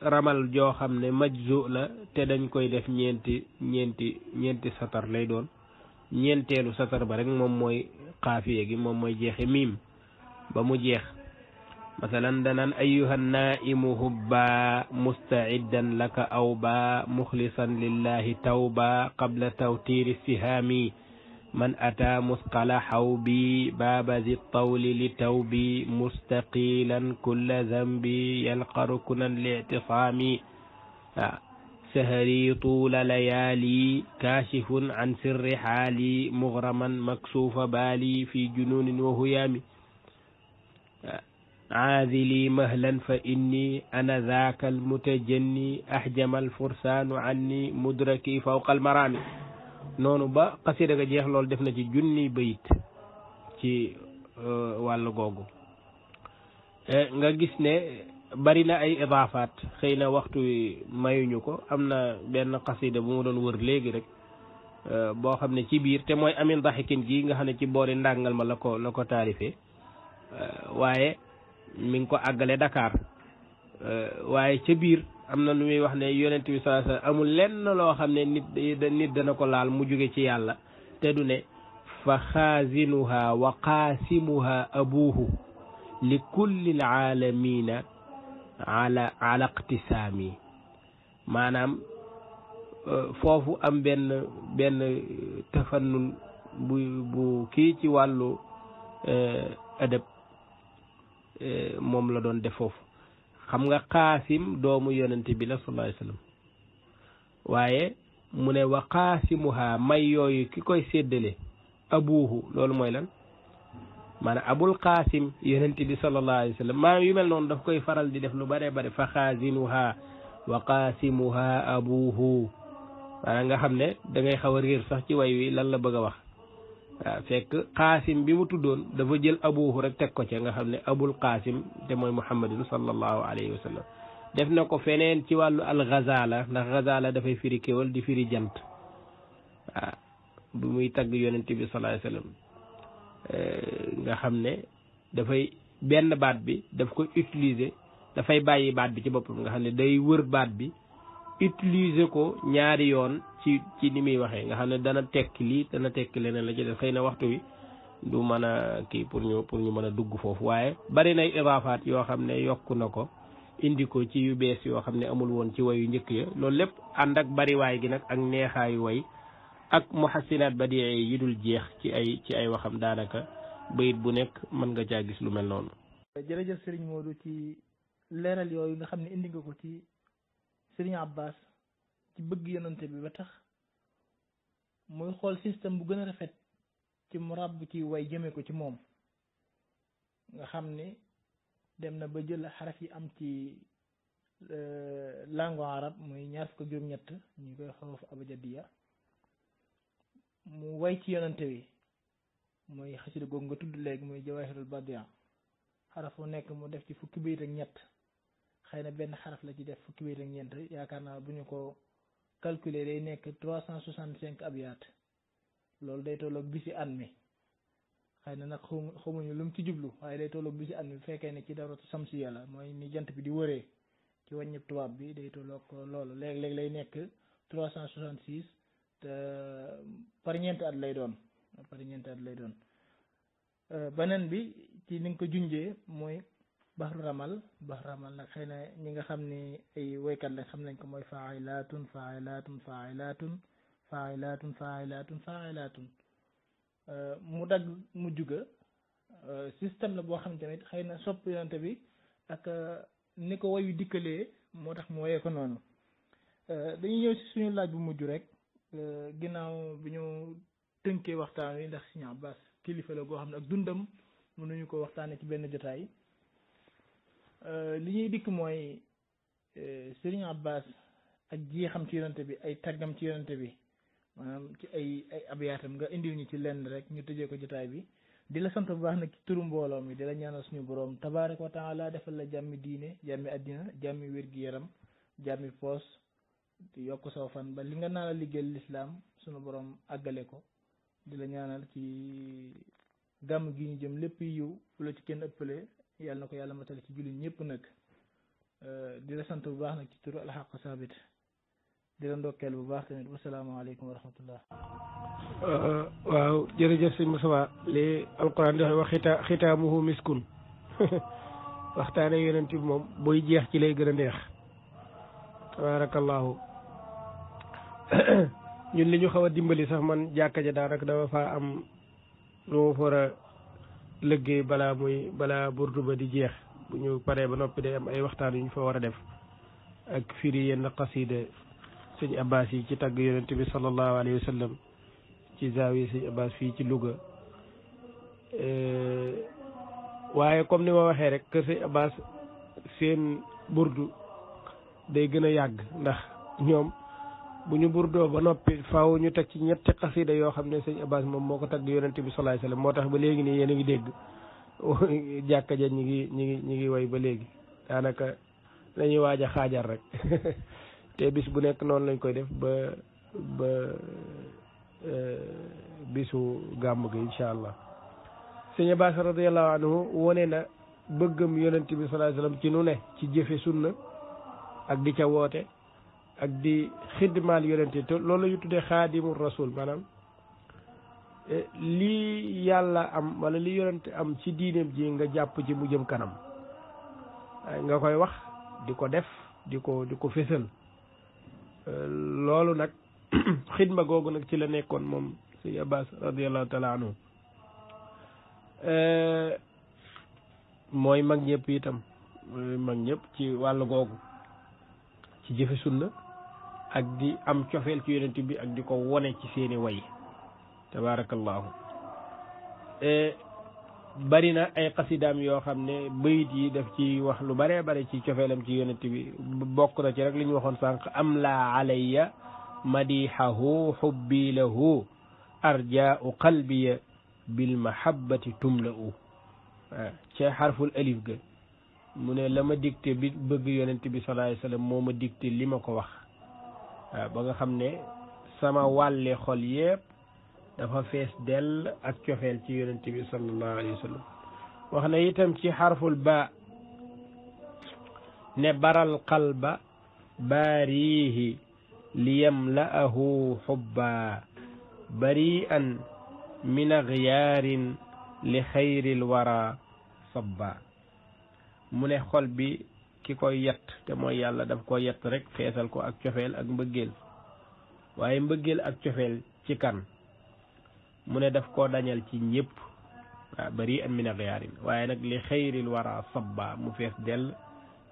ramal joo xam ne majzu la te dañ koy def ñeenti ñeenti ñeenti satar lay doon ñeenteelu satar ba rek moom mooy xaafiye gi moom mooy jeexe miim ba mu jeex masalan danaan ayuha naimu hubba mustaiddan laka aw ba muxlisan lillahi tawba qabla tawtiiri sihaami من أتى مثقل حوبي باب ذي الطول لتوبي مستقيلا كل ذنبي يلقى ركنا لاعتصامي آه، سهري طول ليالي كاشف عن سر حالي مغرما مكسوف بالي في جنون وهيام آه، عاذلي مهلا فإني أنا ذاك المتجني أحجم الفرسان عني مدركي فوق المرامي noonu ba xasida ga jeex loolu def na ci junni bayit ci euh, wàll googu eh, nga gis ne bari na ay idaafaat xëy na waxtu mayuñu ko am na benn xasida bu ma doon wër léegi rek euh, boo xam ne ci biir te mooy amin daxikin gi nga xam ne ci boori ndàngal ma la ko la ko taarifee euh, waaye mi ngi ko àggale dakaar waaye ca biir am na lu muy wax ne yonent bi saa saa amul lenn loo xam ne nit dana ko laal mu jóge ci yàlla te du ne fa xaazinuha wa qaasimuha abuuhu li kulli alaalamina ala ala iqtisaami maanaam euh, foofu am benn benn tafannul bu bu kii ci wàllu euh, adab euh, moom la doon def xam nga qaasim doomu yonent bi la sallallahu waaye mu ne wa qaasimuha may yooyu ki koy séddale abuuhu loolu mooy lan maanaam abul qaasim yonent bi sallallahu alayhi yu mel noonu daf koy faral di def lu bare bare fa xaasinuha wa qaasimuha abuuhu maanaam nga xam ne dangay ngay xaw a réer sax ci way wi lan la bëgg a wax waaw fekk xaasim bi mu tuddoon dafa jël abuhu rek teg ko ca nga xam ne abul xaasim te mooy muhammadun sallallahu alayhi wa sallam def na ko feneen ci wàllu alxazala ndax xazala dafay firi kéwal di firi jant waaw bu muy tagg yonent bi sallallahu wa sallam eh, nga xam ne dafay benn baat bi daf ko utilise dafay bàyyi baat bi ci boppam nga xam ne day wër baat bi utiliser ko ñaari yoon ci ci ni muy waxee nga xam ne dana tekki lii dana tekki leneen la ci def xëy na waxtu wi du man a kii pour ñu pour ñu mën a dugg foofu waaye bari nay idaafaat yoo xam ne yokk na ko indi ko ci yu bees yoo xam ne amul woon ci wayu njëkk ya loolu lépp ànd ak bariwaay gi nag ak neexaayu way ak muhassinaat badii yi dul jeex ci ay ci ay waxam daanaka bayit bu nekk mën nga caa gis lu mel noonu. jërëjëf Serigne Modou ci leeral yooyu nga xam ne indi nga ko ci Serigne Abbas ci bëgg yonante bi ba tax muy xool système bu gën a rafet ci mu ràbb ci way jëme ko ci moom nga xam ne dem na ba jël xaraf yi am ci euh, lango arab muy ñaar fukk juróom-ñett ñu koy xaruf abjadiya mu way ci yonante wi mooy xasida googu nga tudd léegi muy jawahirul badia xaraf wu nekk mu def ci fukki bayit ak ñett xëy na benn xaraf la ci def fukki bayit ak ñeent yaakaar naa bu ñu ko calculé day nekk 365 cent soixante loolu day tolloog bisi at mi xëy na nag xamuñu lu mu ci jublu waaye day tolloog bisi at mi bu fekkee ne ci daratu samsiya la mooy ni jant bi di wëree ci wàññib tubaab bi day tolloog loolu léeg-léeg lay nekk 366 te par ñeenti at lay doon par ñeenti at lay doon euh, beneen bi ci ni nga ko junjee mooy baxru ramal baxru ramal nag xëy na ñi nga xam ni ay woykat lañ xam nañ ko mooy faailatun faailatun faailatun faailatun faailatun faailatun mu dagg mujj ga système la boo xam tamit xëy na sopp yonante bi ak ni ko wayu dikkalee moo tax mu woyee ko noonu dañuy ñëw si suñu laaj bu mujj rek ginnaaw bi ñu tënkee waxtaan wi ndax Sëriñ Abbas kilifa la goo xam ne ak dundam mënuñu ko waxtaanee ci benn jotaay Euh, li ñuy dikk mooy euh, Serigne Abbas ak jeexam ci yonante bi ay taggam ci yonante bi maanaam ci ay ay abiyaatam nga indiw ñu ci lenn rek ñu tëjee ko jotaay bi di la sant bu baax nag ci turu mbooloo mi di la ñaanal suñu boroom tabaaraka wa laa defal la jàmmi diine jàmmi àddina jàmmi wér-gi-yaram jàmmi poos di yokk saw fan ba li nga naan a liggéeyal lislaam suñu boroom àggale ko di la ñaanal ci gàmm gi ñu jëm lépp yiw bu la ci kenn ëppale yàlla na ko yàlla matale ci jullit ñëpp nag euh, di la sant bu baax nag ci turu alxaq saabit di la ndokkeel bu baax tamit wasalaamaaleykum wa rahmatullah euh, waaw jërëjëf sëñ Moussa li [LAUGHS] jeex ci lay gën a neex tabaarakallaahu [COUGHS] ñun li ñu dimbali sax man jàkka ja daanaka dama am lu ma liggéey balaa muy balaa burdu ba di jeex bu ñu paree ba noppi day am ay waxtaan yu ñu fa war a def ak firi yenn xasida sëñ abbas yi ci tagg yonent bi sallallahu alayhi wa ci zaawi sëñ abbas fii ci Louga waaye comme ni ma waxee rek kër sëñ abbas seen burdu day gën a yàgg ndax ñoom bu ñu burdoo ba noppi faaw ñu teg ci ñetti xasida yoo xam ne sëñ Abbas moom moo ko tagg yonente bi salaay salaam moo tax ba léegi nii a ngi dégg [LAUGHS] jàkka ja ngi ñi ngi ñi ngi way ba léegi daanaka lañuy waaj a xaajar rek [LAUGHS] bis bu nekk noonu lañ koy def ba ba e, bisu gàmm gi incha allah sëñ Abbas radiallahu anhu wone na bëggam yonente bi salaay salaam ci nu ne ci jëfe sunna ak di ca woote ak di xidmaal yonente te loolu la ñu xaadimul rasul maanaam eh, lii yàlla am wala li yonente am ci diineem ji nga jàpp ci mu jëm kanam eh, nga koy wax di ko def di ko di ko fésal eh, loolu nag [CLEARS THROAT] xidma googu nag ci la nekkoon moom sëñ Abbas radiallahu taala mooy mag ñëpp itam mag ñëpp ci wàll googu ci jëfe sunna ak di am cofeel ci yonent bi ak di ko wone ci seeni way tabaarakallaahu e, bari na ay xasidaam yoo xam ne bayit yi def ci wax lu bare bare ci cofeelam ci yonent bi bokk na ci rek li ñu waxoon sànq am laa alayya madiixahu xubbi lahu arjaau qalbiya bil mahabbati tumla u e, ca xarful alif ga mu ne la ma digte bi bëgg yonent bi sallallahu moo ma digte li ma ko wax ba nga xam ne sama wàlle xol yépp dafa fees del ak cofeel ci yonent bi sallallahu alayhi wa sallam wax na itam ci xarful ba ne baral qalba baariihi liyamla'ahu xubba bari'an min axyaarin li xayril wara sabba mu ne xol bi ki koy yett te mooy yàlla daf ko yett rek feesal ko ak cofeel ak mbëggeel waaye mbëggeel ak cofeel ci kan mu ne daf ko dañal ci ñépp waaw bari min axyaarin waaye nag li xayril wara sabba mu fees dell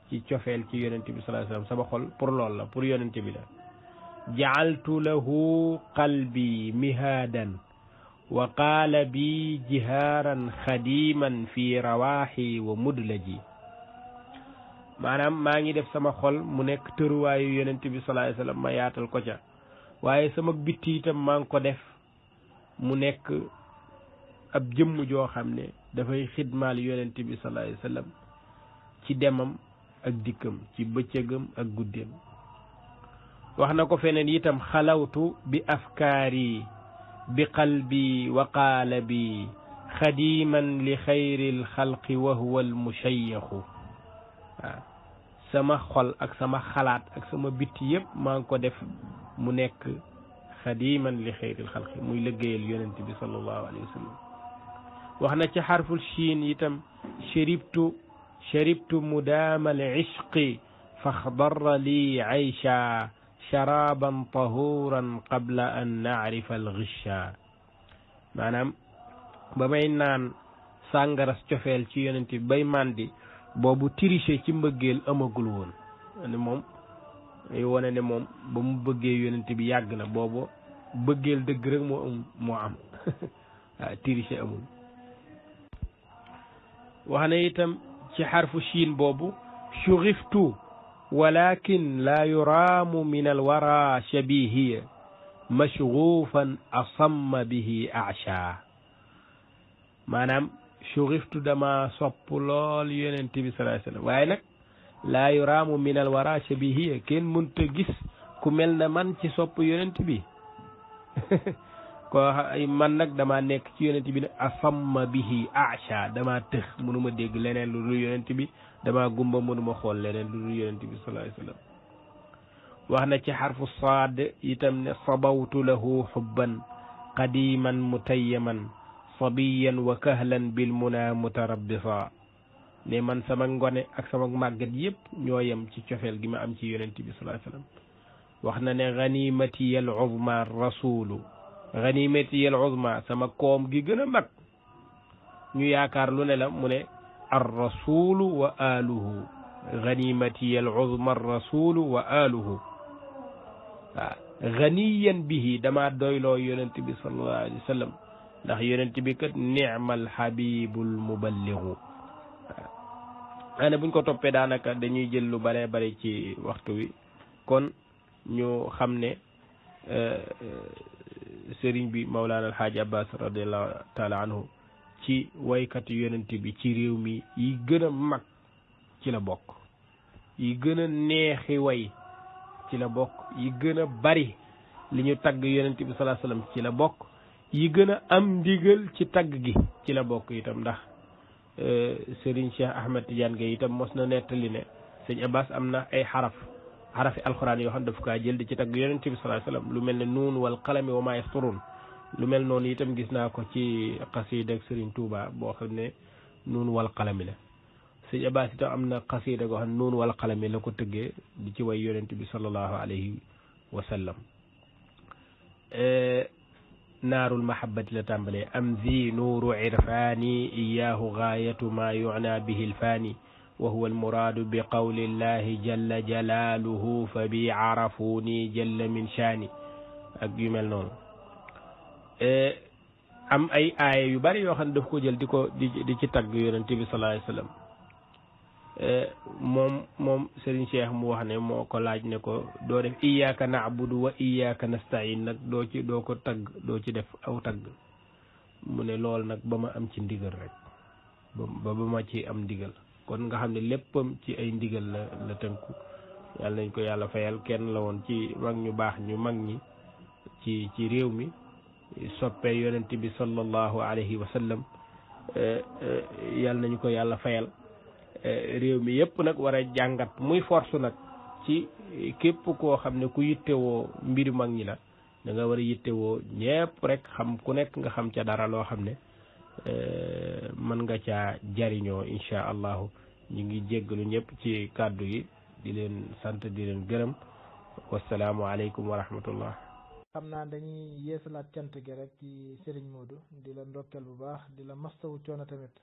ci cofeel ci yonent bi sallallahu sama xol pour lool la pour yonent bi la jaaltu lahu qalbi mihaadan wa qaala bi jihaaran xadiman fi rawaaxi wa mudlaji maanaam maa ngi def sama xol mu nekk tëruwaayu yonent bi salaay salaam ma yaatal ko ca waaye sama bitti itam maa ngi ko def mu nekk ab jëmm joo xam ne dafay xidmaal yonent bi salaay salaam ci demam ak dikkam ci bëccëgam ak guddeem wax na ko feneen itam xalawtu bi afkaari bi qalbi wa qaala bi xadiman li xayril xalqi wa huwa al mushayaxu waaw sama xol ak sama xalaat ak sama bitt yépp maa ngi ko def mu nekk xadiman li xeyril xalqi muy liggéeyal yonent bi sallallahu alayhi wa sallam wax na ci xarful chiin itam sharibtu sharibtu mudaama al ishqi fa faxdara li aysha sharaban tahuran qabla an naarifa al gisha maanaam ba may naan sàngaras cofeel ci yonent bi bay mandi boobu tricher ci mbëggeel amagul woon ne moom day wane ne moom ba mu bëggee yonent bi yàgg na boobu bëggeel dëgg rek moo am moo [LAUGHS] amul wax na itam ci xarfu shiin boobu shuriftu walakin laa yuraamu min alwara shabihiya mashruufan asamma bihi acha shuriftu dama sopp lool yonent waaye nag laa yuraamu minal bi shabihiya kenn mënta gis ku mel na man ci sopp yonent bi [LAUGHS] ko man nag dama nekk ci yonent bi nag asamma bihi acha dama tëx mënuma dégg leneen lu dul yonent bi dama gumba mënuma xool leneen lu dul yonent bi wax na ci xarfu saad itam ne sabawtu lahu xubban qadiman mutayyaman sabiyan wa kahlan bil muna mutarabbisa ne man sama ngone ak sama màggat yëpp ñoo yem ci cofeel gi ma am ci yonent bi sallallahu alayhi wax na ne ganimati al uzma rasulu ganimati al uzma sama koom gi gën a mag ñu yaakaar lu ne la mu ne ar rasulu wa aluhu ganimati al uzma rasulu wa aluhu waaw bihi dama doyloo yonent bi sallallahu alayhi wasallam ndax yonent bi kat ni'mal habibul muballighu ana buñ ko toppee daanaka dañuy jël lu bare bare ci waxtu wi kon ñu xam ne euh, euh, sëriñ bi Mawlana El Hadj radiallahu taala anhu ci waykat yonent bi ci réew mi yi gën mag ci la bokk yi gën a neexi woy ci la bokk yi gën a bari li ñu tagg yonent bi salaa salaam ci la bokk yi gën a am ndigal ci tagg gi ci la bokk itam ndax e, sëriñ Cheikh Ahmed Tidiane Gueye itam mos na nettali ne sëñ Abbas am na ay xaraf xarafi alxuraan yoo xam daf kaa jël di ci tagg yonent bi sallallahu alayhi wasallam lu mel ne nuun wal qalami wa maa lu mel noonu itam gis naa ko ci xasiida ak sëriñ boo xam ne nuun wal qalami la sëñ am na xasiida goo xam la ko tëggee di ci way yonent bi sallallahu alayhi wa sallam e, نار المحبة لتنبلي أم ذي نور عرفاني إياه غاية ما يعنى به الفاني وهو المراد بقول الله جل جلاله فبي عرفوني جل من شاني أجمل نون أم أي آية يباري يوخن دفكو جل ديكو دي, دي, دي, دي, دي, دي, دي, دي صلى الله عليه وسلم Eh, moom moom Serigne Cheikh mu wax ne moo ko laaj ne ko doo def iyyaka na'budu wa iyyaka nasta'in nag doo ci doo ko tagg doo ci def aw tagg mu ne lool nag ba ma am ci ndigal rek ba ba ma ci am ndigal kon nga xam ne léppam ci ay ndigal la tënku yàlla nañ ko yàlla fayal kenn la woon ci mag ñu baax ñu mag ñi ci ci réew mi soppee yonent bi sallallahu alayhi wa sallam eh, eh, yàlla nañu ko yàlla fayal Eh, réew mi yëpp nag war jàngat muy force nag ci eh, képp koo xam ne ku yittewoo mbiri mag ñi la da nga war a yittewoo ñépp rek xam ku nekk nga xam ca dara loo xam ne eh, mën nga ca jariñoo incha allahu ñu ngi jéggalu ñëpp ci kàddu yi di leen sant di leen gërëm wasalaamualeykum wa rahmatullah xam naa dañuy yeesalaat cant gi rek ci Serigne Modou di la ndokkeel bu baax di la mastawu coono tamit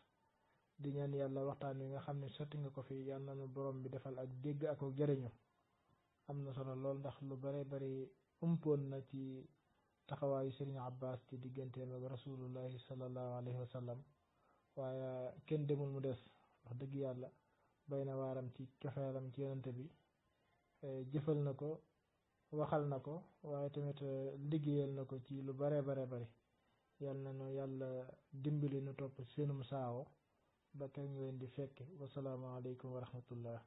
di ñaan yàlla waxtaan wi nga xam ne sotti nga ko fi yal na nu borom bi defal ak dégg ak jëriñu am na solo lool ndax lu bare bari umpoon na ci taxawaayu Serigne Abbas ci digganteem ak rasulullahi sallallahu alayhi wa sallam waaye kenn demul mu des wax dëgg yàlla bay na waaram ci cofeelam ci yonante bi eh, jëfal na ko waxal na ko waaye tamit eh, liggéeyal na ko ci lu bare bare bari yal na nu yàlla dimbali nu topp seenum saawo ba kañ ngeen di fekke wasalaamaaleykum wa rahmatullah